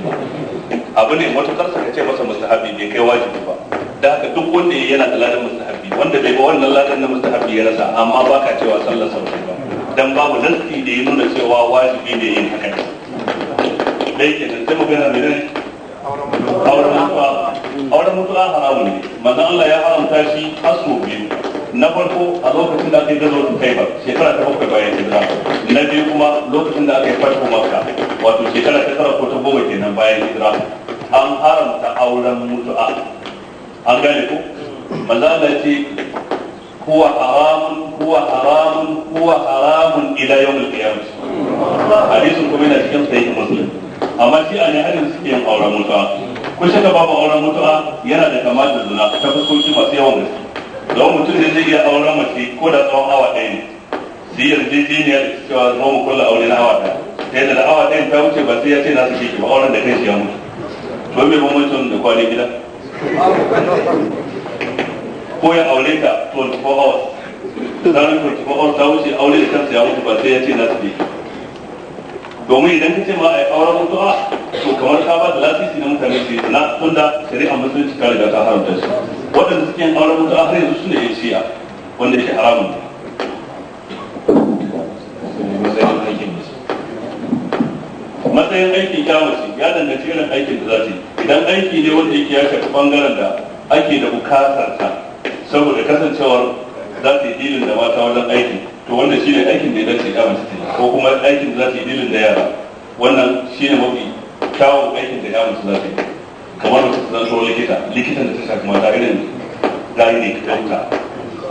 abu ne matukar saka ce masa mustahabi bai kai wajibi ba da haka duk wanda ya yana da ladan mustahabi wanda bai ba wannan ladan na mustahabi ya rasa amma ba ka cewa sallar sa ba dan babu nasi da ya nuna cewa wajibi ne yin haka dai nan sai magana mai ne auren mutuwa auren mutuwa haramun ne manzon Allah ya haramta shi asu biyu na farko a lokacin da ake yi su kai taiba shekara ta bakwai bayan hijira na biyu kuma lokacin da ake yi fasho wato shekara ta tara ko ta goma kenan bayan hijira an haramta auren mutu'a an gane ko mazala ce huwa haramun huwa haramun huwa haramun ila yawmul qiyamah hadisin kuma yana cikin sahih muslim amma shi a ne hadin suke yin auren mutu'a kun shaka babu auren mutu'a yana da kama da zina ta fuskoki masu yawan gaske don mutum da zai iya auren mace ko da tsawon awa ɗaya ne su yi yarjejeniyar cewa zuwa mu kulla aure na awa ɗaya ta yadda da awa ɗaya ta wuce ba sai ya ce na su keke ba auren da kanshi ya mutu to me mutum da kwane gida ko ya aure ka 24 hours zanen 24 hours ta wuce aure da kansa ya mutu ba sai ya ce na su keke domin idan ka ce ma a yi auren a to kamar ka ba da lasisi na mutane su yi na tunda shari'a musulunci ka riga ta haramta shi waɗanda suke yin auren mutu'a har yanzu suna yin siya wanda yake haramun matsayin aikin kyamace ya danganci irin aikin da za su yi idan aiki ne wanda yake ya shafi bangaren da ake da bukatar ta saboda kasancewar za su yi dilin da mata wajen aiki to shi shine aikin da ya dace ya mace ko kuma aikin da za su yi dilin da yara wannan shine mafi kyawun aikin da mace za su yi kamar zan ta likita likita da ta kuma mata irin gynec doctor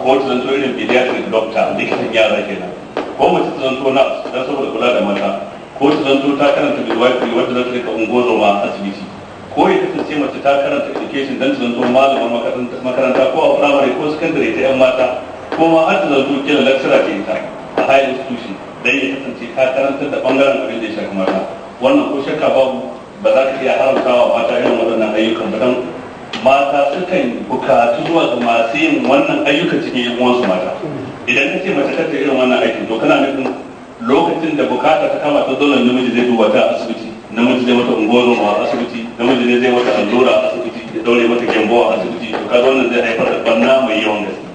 ko ta zanto irin pediatric doctor likitan yara kenan ko mace ta zanto na dan saboda kula da mata ko ta zanto ta karanta midwifery wanda za ka rika ma asibiti ko ya kasance mace ta karanta education dan ta zanto malaman makaranta ko a primary ko secondary ta yan mata ko ma har ta zanto kila lecturer ke ita a high institution dan ya kasance ta karantar da bangaren abin da ya shafi mata wannan ko shakka babu ba za ka iya haramta wa mata irin waɗannan ayyukan ba don mata sukan bukatu zuwa ga masu yin wannan ayyukan cikin yan uwansu mata idan ka ce mace kar ta irin wannan aikin to kana nufin lokacin da bukata ta kama ta dole namiji zai duba ta asibiti namiji zai mata ungozo a asibiti namiji ne zai mata allura a asibiti ya daure mata gyambo a asibiti to kaga wannan zai haifar da barna mai yawan gaske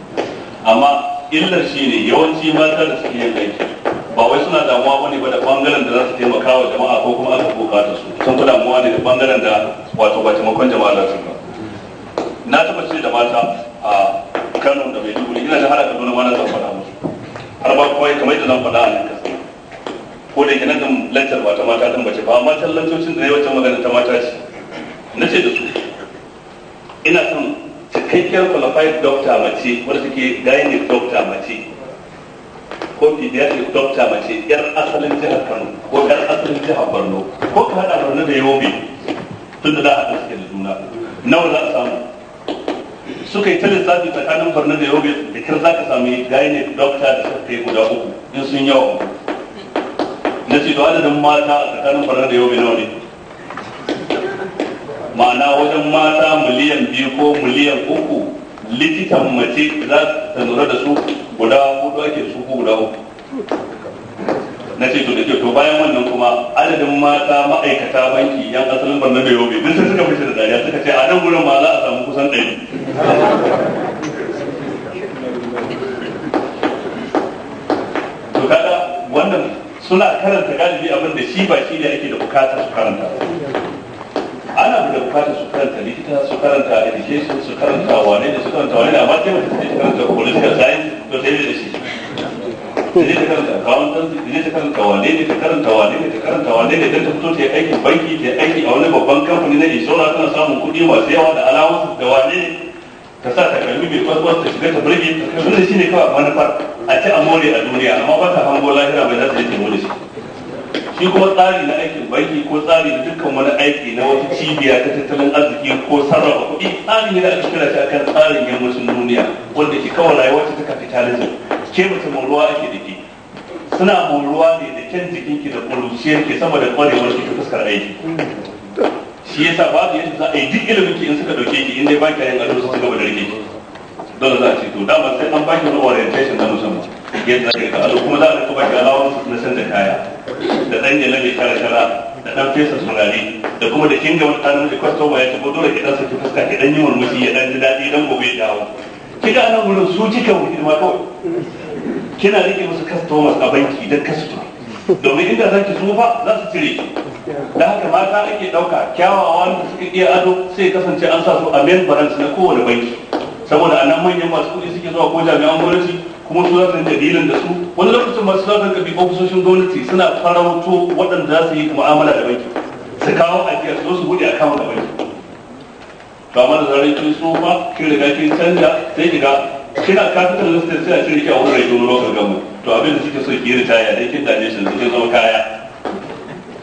amma illar shine yawanci mata da suke yin aiki ba wai suna damuwa bane ba da bangaren da za su taimaka wa jama'a ko kuma aka bukata su sun fi damuwa ne da bangaren da wato ba taimakon jama'a za su ba na taba ce da mata a Kano da duhuri ina da hada Kaduna ma na zan faɗa musu har ba kawai kamar yadda zan faɗa a nan kasa ko da kina kan lantar ba ta mata kan bace ba amma can lantocin da ya wacce magana ta mata ce na ce da su ina son cikakkiyar qualified doctor mace wadda take gynec doctor mace ko yake dokta mace yar asalin jihar Kano ko yar asalin jihar Borno ko ka hada Borno da Yobe tun da za a suke da juna nawa za a samu suka yi ta lissafi tsakanin Borno da Yobe da kar za ka gai ne dokta da suka kai guda uku in sun yawa na ce da adadin mata a tsakanin Borno da Yobe nawa ne ma'ana wajen mata miliyan biyu ko miliyan uku likitan mace za ta lura da su guda hudu ake su ko guda uku na ce to da ke to bayan wannan kuma adadin mata ma'aikata banki yan asalin barna da yau mun sun suka fice da dariya suka ce a nan gurin ma za a samu kusan ɗari to kada wannan suna karanta galibi abin da shi ba shi ne ake da bukata su karanta ana da bukatar su karanta likita su karanta education su karanta wane da su karanta wane da amma ke mutum ta karanta political science to sai da shi ne ta karanta accountant ne ta karanta wane ne ta karanta wane ne ta karanta wane ne don ta fito ta yi aikin banki ta yi aiki a wani babban kamfani na inshora tana samun kuɗi masu yawa da alawansu da wane ne ta sa takalmi mai kwaswas ta shiga ta burge ta kai shi ne kawai manufar a ci a more a duniya amma ba ta hango lahira mai za ta yi ta more shi shi kuma tsari na aikin banki ko tsari na dukkan wani aiki na wata cibiya ta tattalin arziki ko sarrafa kuɗi tsari ne da aka kira shi akan tsarin yammacin duniya wanda ke kawai rayuwar ta capitalism ke mace ruwa ake da ke suna ruwa ne da kyan ki da ƙuruciyar ke sama da ƙwarewar ki ta fuskar aiki shi ya sa babu yadda za a yi duk ilimin ki in suka ɗauke ki in dai ba ki yin ado su gaba da rike ki dole za a ce to dama sai an ba ki wani orientation na musamman yadda ka kuma za a rika baki alawar na kaya da dan jalabe shara shara da fesa sunari da kuma da kinga wani ɗan ya tabo dole ki dan saki fuska ki dan yi murmushi ya dan ji daɗi dan gobe ya dawo wurin su ma kawai kina rike musu customers a banki dan customer domin inda za ki tsufa za su cire da haka mata ake ɗauka kyawawa da suka iya ado sai kasance an sa su a main na kowane banki saboda a nan manyan masu kuɗi suke zuwa ko jami'an gwamnati kuma su za su rinka da su wani lokacin masu za su bi ofisoshin gwamnati suna farauto waɗanda za su yi mu'amala da banki su kawo ajiya su su buɗe kawo da banki to amma da zarar kin tsufa kin riga kin canja sai kiga kina kafin da sai a cire ki a wurin rai domin lokacin gamu to abin da suke so ki ritaya dai kin dane shi sai zama kaya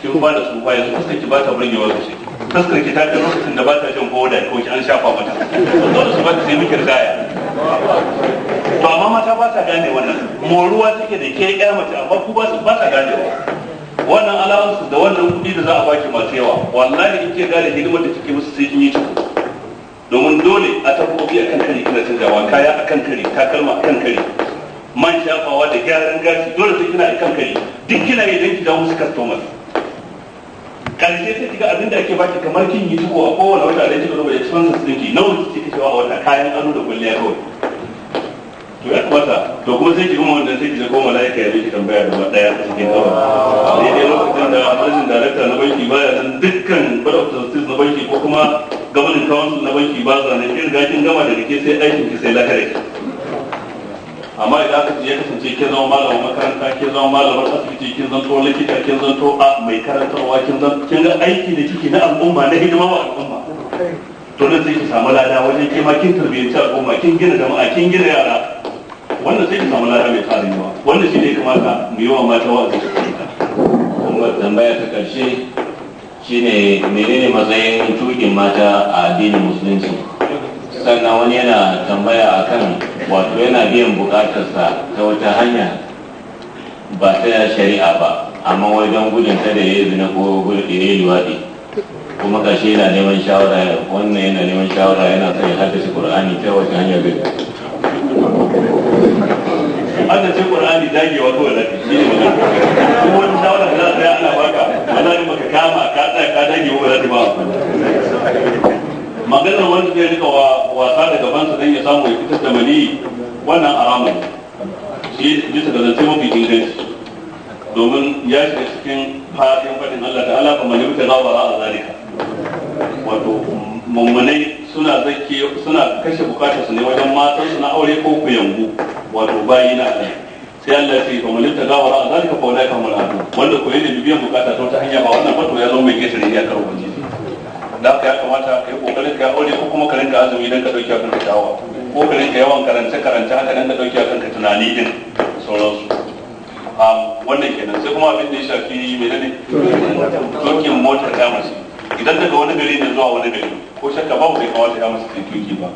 kin ba da ba yanzu fuskar ki ba ta burgewa sosai fuskar ki ta kai lokacin da ba ta jan ko da ko ki an shafa mata dole su ba ta sai miki ritaya mata ba ta gane wannan moruwa take da ke ya mace amma ku ba su ba ta gane wannan alawansu da wannan kudi da za a baki masu yawa wallahi in ke gane hidimar da kike musu sai in yi ciko domin dole a tabbobi a kan kare kina canjawa kaya a kan kare takalma a kan kare man shafawa da gyaran gashi dole sai kina a kan kare duk kina yi don ki jawo musu customers karshe sai kiga abin da ake baki kamar kin yi ciko a kowane wata da kika rubuta expenses ɗinki nawa kike cewa a wata kayan ado da kwalliya kawai to ya kamata to kuma sai ki kuma wannan sai ki ko malaika ya zo tambaya da daya a cikin kawai sai dai lokacin da manajin darakta na banki baya san dukkan board of na banki ko kuma governing council na banki ba zane kin riga kin gama da ke sai aikin ki sai lahira amma idan aka ya kasance kin zama malamin makaranta kin zama malamar asibiti kin zanto likita kin zanto a mai karantarwa kin zan kin ga aiki da kike na al'umma na hidima wa al'umma to nan sai ki samu lada wajen kima kin tarbiyyanci al'umma kin gina jama'a kin gina yara wannan sai samu lada mai tsari ba wannan shi ne kamata mu yi wa mata wa su fahimta kuma tambaya ta karshe shine menene matsayin tukin mata a addinin musulunci sannan wani yana tambaya a kan wato yana biyan bukatarsa ta wata hanya ba ta shari'a ba amma wajen gudun ta da ya zina ko gurɗe luwaɗi kuma ƙarshe yana neman shawara wannan yana neman shawara yana sai haddace qur'ani ta wata hanya gari haka ce qur'ani dagewa kawai lafi shi ne magana duk wani shawara da za ta yi ana baka wala ne maka kama ka tsaya ka dage wa lafi ba maganar wanda zai rika wasa da gabansa dan ya samu ya fitar da mani wannan haramun shi bisa da zance mafi inganci domin ya shiga cikin fadin fadin Allah ta'ala kamar yadda za a zalika wato mummunai suna zakke suna kashe bukatar su ne wajen matar su na aure ko ku yambu wato bayi na ne sai Allah ya ce ba mulinta ta gawara a zalika fa ulai kamar adu wanda ko yake biyan bukata ta wata hanya ba wannan fato ya zo mai gashi ne ya karo ne da ka ya kamata ka yi kokarin ka aure ko kuma ka rinka azumi dan ka dauki abin ka tawa ko ka rinka yawan karance karance haka dan ka dauki abin ka tunani din sauransu wannan kenan sai kuma abin da ya shafi ne tokin motar ta mace idan daga wani gari ne zuwa wani gari ko shakka babu bai kamata ya masa taituki ba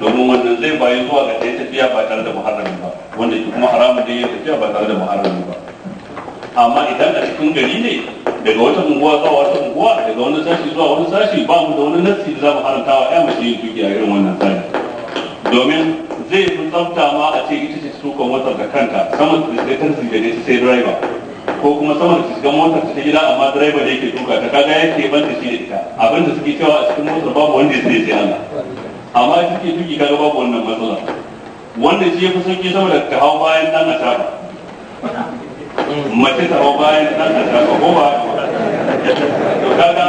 domin wannan zai bayi zuwa ga ɗaya tafiya ba tare da muharrami ba wanda ke kuma haramun da ya tafiya ba tare da muharrami ba amma idan a cikin gari ne daga wata unguwa zuwa wata unguwa daga wani sashi zuwa wani sashi ba mu da wani nassi da za mu haramta wa ya mace yin tuki a irin wannan tsari domin zai fi tsafta ma a ce ita ce sukan wata da kanta sama da ta sai driver ko kuma saman su ga motar ta gida amma direba da yake duka ta kaga yake ban ta shi da ita abin da suke cewa a cikin motar babu wanda ya sai Allah amma suke duki kaga babu wannan matsala wanda shi yafi sauki saboda ta hau bayan dan ataba mace ta hau bayan dan ataba ko ba to kaga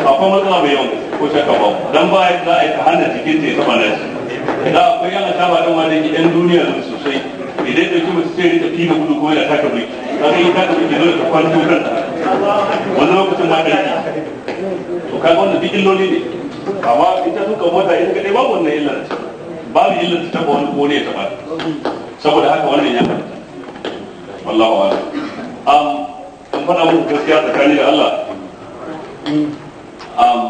akwai matsala mai yawa ko shakka ba dan bayan za a yi ta hana jikin ta ya saba na shi da akwai yana saba dan wani yan duniya sosai idan da kuma sai rika fima gudu kuma yana taka bai kaga in taka bai dole ka kwanto kanka wannan lokacin ma dai to kaga wannan duk illoli ne amma ita suka mota in kadai babu wannan illar babu illar ta taba wani ko ne ya ba saboda haka wannan ya fata wallahu a'lam am an fada muku gaskiya tsakani da Allah am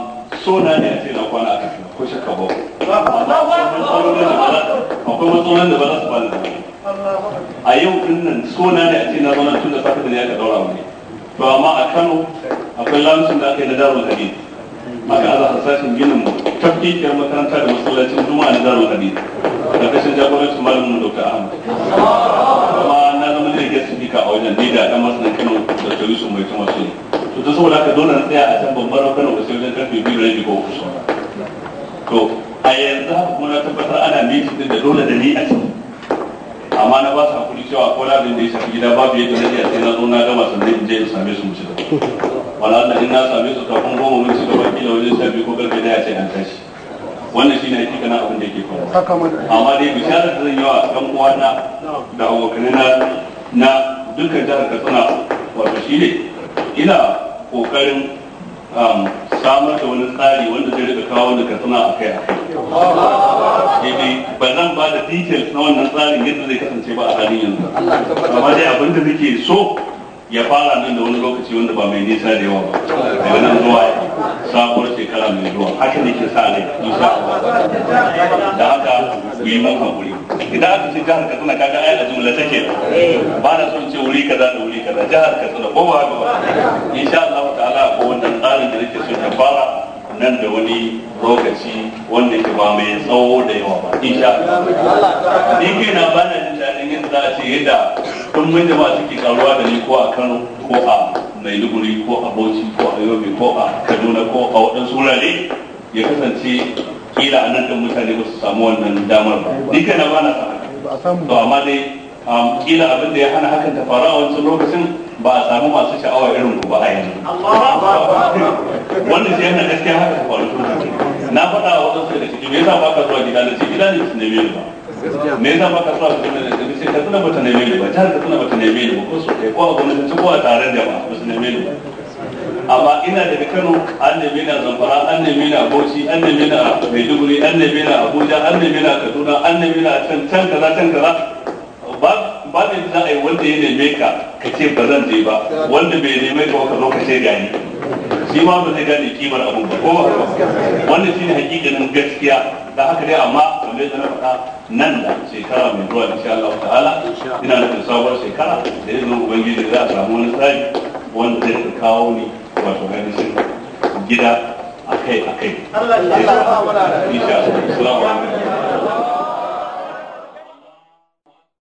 so na ne a ce na kwana a kafin ko shakka ba akwai matsalolin da ba za ba bani a yau din nan sona ne a cikin na tun da safe da ne aka daura mu ne to amma a Kano akwai lamsun da aka yi na Darul Hadith aka aza harsashin ginin mu tafkikiyar makaranta da masallacin juma'a na Darul Hadith da kashin su malamin Dr. Ahmad amma na zama ne su bika a wajen dai da masu na Kano da Tarisu mai tuma su to ta saboda haka dole na tsaya a can babbar Kano ko sai wajen karfe biyu da rabi ko kusa to a yanzu haka kuma na tabbatar ana meeting din da dole da ni a cikin amma na ba su hakuri cewa ko labin da ya shafi gida babu yadda na iya sai na zo na gama sannan in je in same su mu ci gaba wala Allah in na same su kafin goma mun ci gaba kila wajen shafi ko karfe da ya ce an tashi wannan shine hakika na abin da ke faruwa amma dai bishara da zan yi wa ɗan uwana da abokanai na na dukkan jihar Katsina wato shine ina kokarin Um, samar da wani tsari wanda zai rika kawo da katsina a kai sai ba zan ba da details na wannan tsarin yadda zai kasance ba a halin yanzu amma dai abin da nake so ya fara nan da wani lokaci wanda ba mai nisa da yawa ba daga nan zuwa sabuwar shekara mai zuwa haka ne ke sa rai musa da haka ku yi mun hakuri idan aka ce jihar katsina kaga ai a jumla take ba na son ce wuri kaza da wuri kaza jihar katsina ko ba haka ba insha Allah ta'ala ko wannan tsarin da nake so ya fara nan da wani lokaci wanda ke ba mai tsawo da yawa ba insha Allah ni kaina ba na jin dadin yin za a ce yadda mun jama'a suke karuwa da ni ko a kano ko a maiduguri ko a bauchi ko a yobe ko a kaduna ko a waɗansu wurare ya kasance kila a nan ɗin mutane ba su samu wannan damar ba ni kai na ba na sa to amma dai kila abin da ya hana hakan ta faru a wancan lokacin ba a samu masu sha'awa irin ku ba a yanzu wannan shi yana gaskiya haka ta faru na faɗa wa waɗansu da cikin me yasa ba ka zuwa gida da ce gida ne su neme ba ne yasa ba ka so a cikin nan sai ka tuna bata neme ne ba jihar ka tuna bata neme ne ba ko so kai ko a ci ko a taron da ba su neme ni ba amma ina daga Kano an neme na Zamfara an neme na Bauchi an neme na Maiduguri an neme na Abuja an neme na Kaduna an neme na can can kaza can kaza ba ba ne za a yi wanda ya neme ka ka ce ba zan je ba wanda bai neme ka ka zo ka ce gani shi ma ba zai gane kimar abun ba ko ba wannan shine hakikanin gaskiya da haka dai amma kamar yadda na faɗa nan da shekara mai zuwa insha Allah ta'ala ina da sabuwar shekara da izinin ubangiji za a samu wani tsari wanda zai kawo ni wato ganin gida shi akai insha Allah assalamu alaikum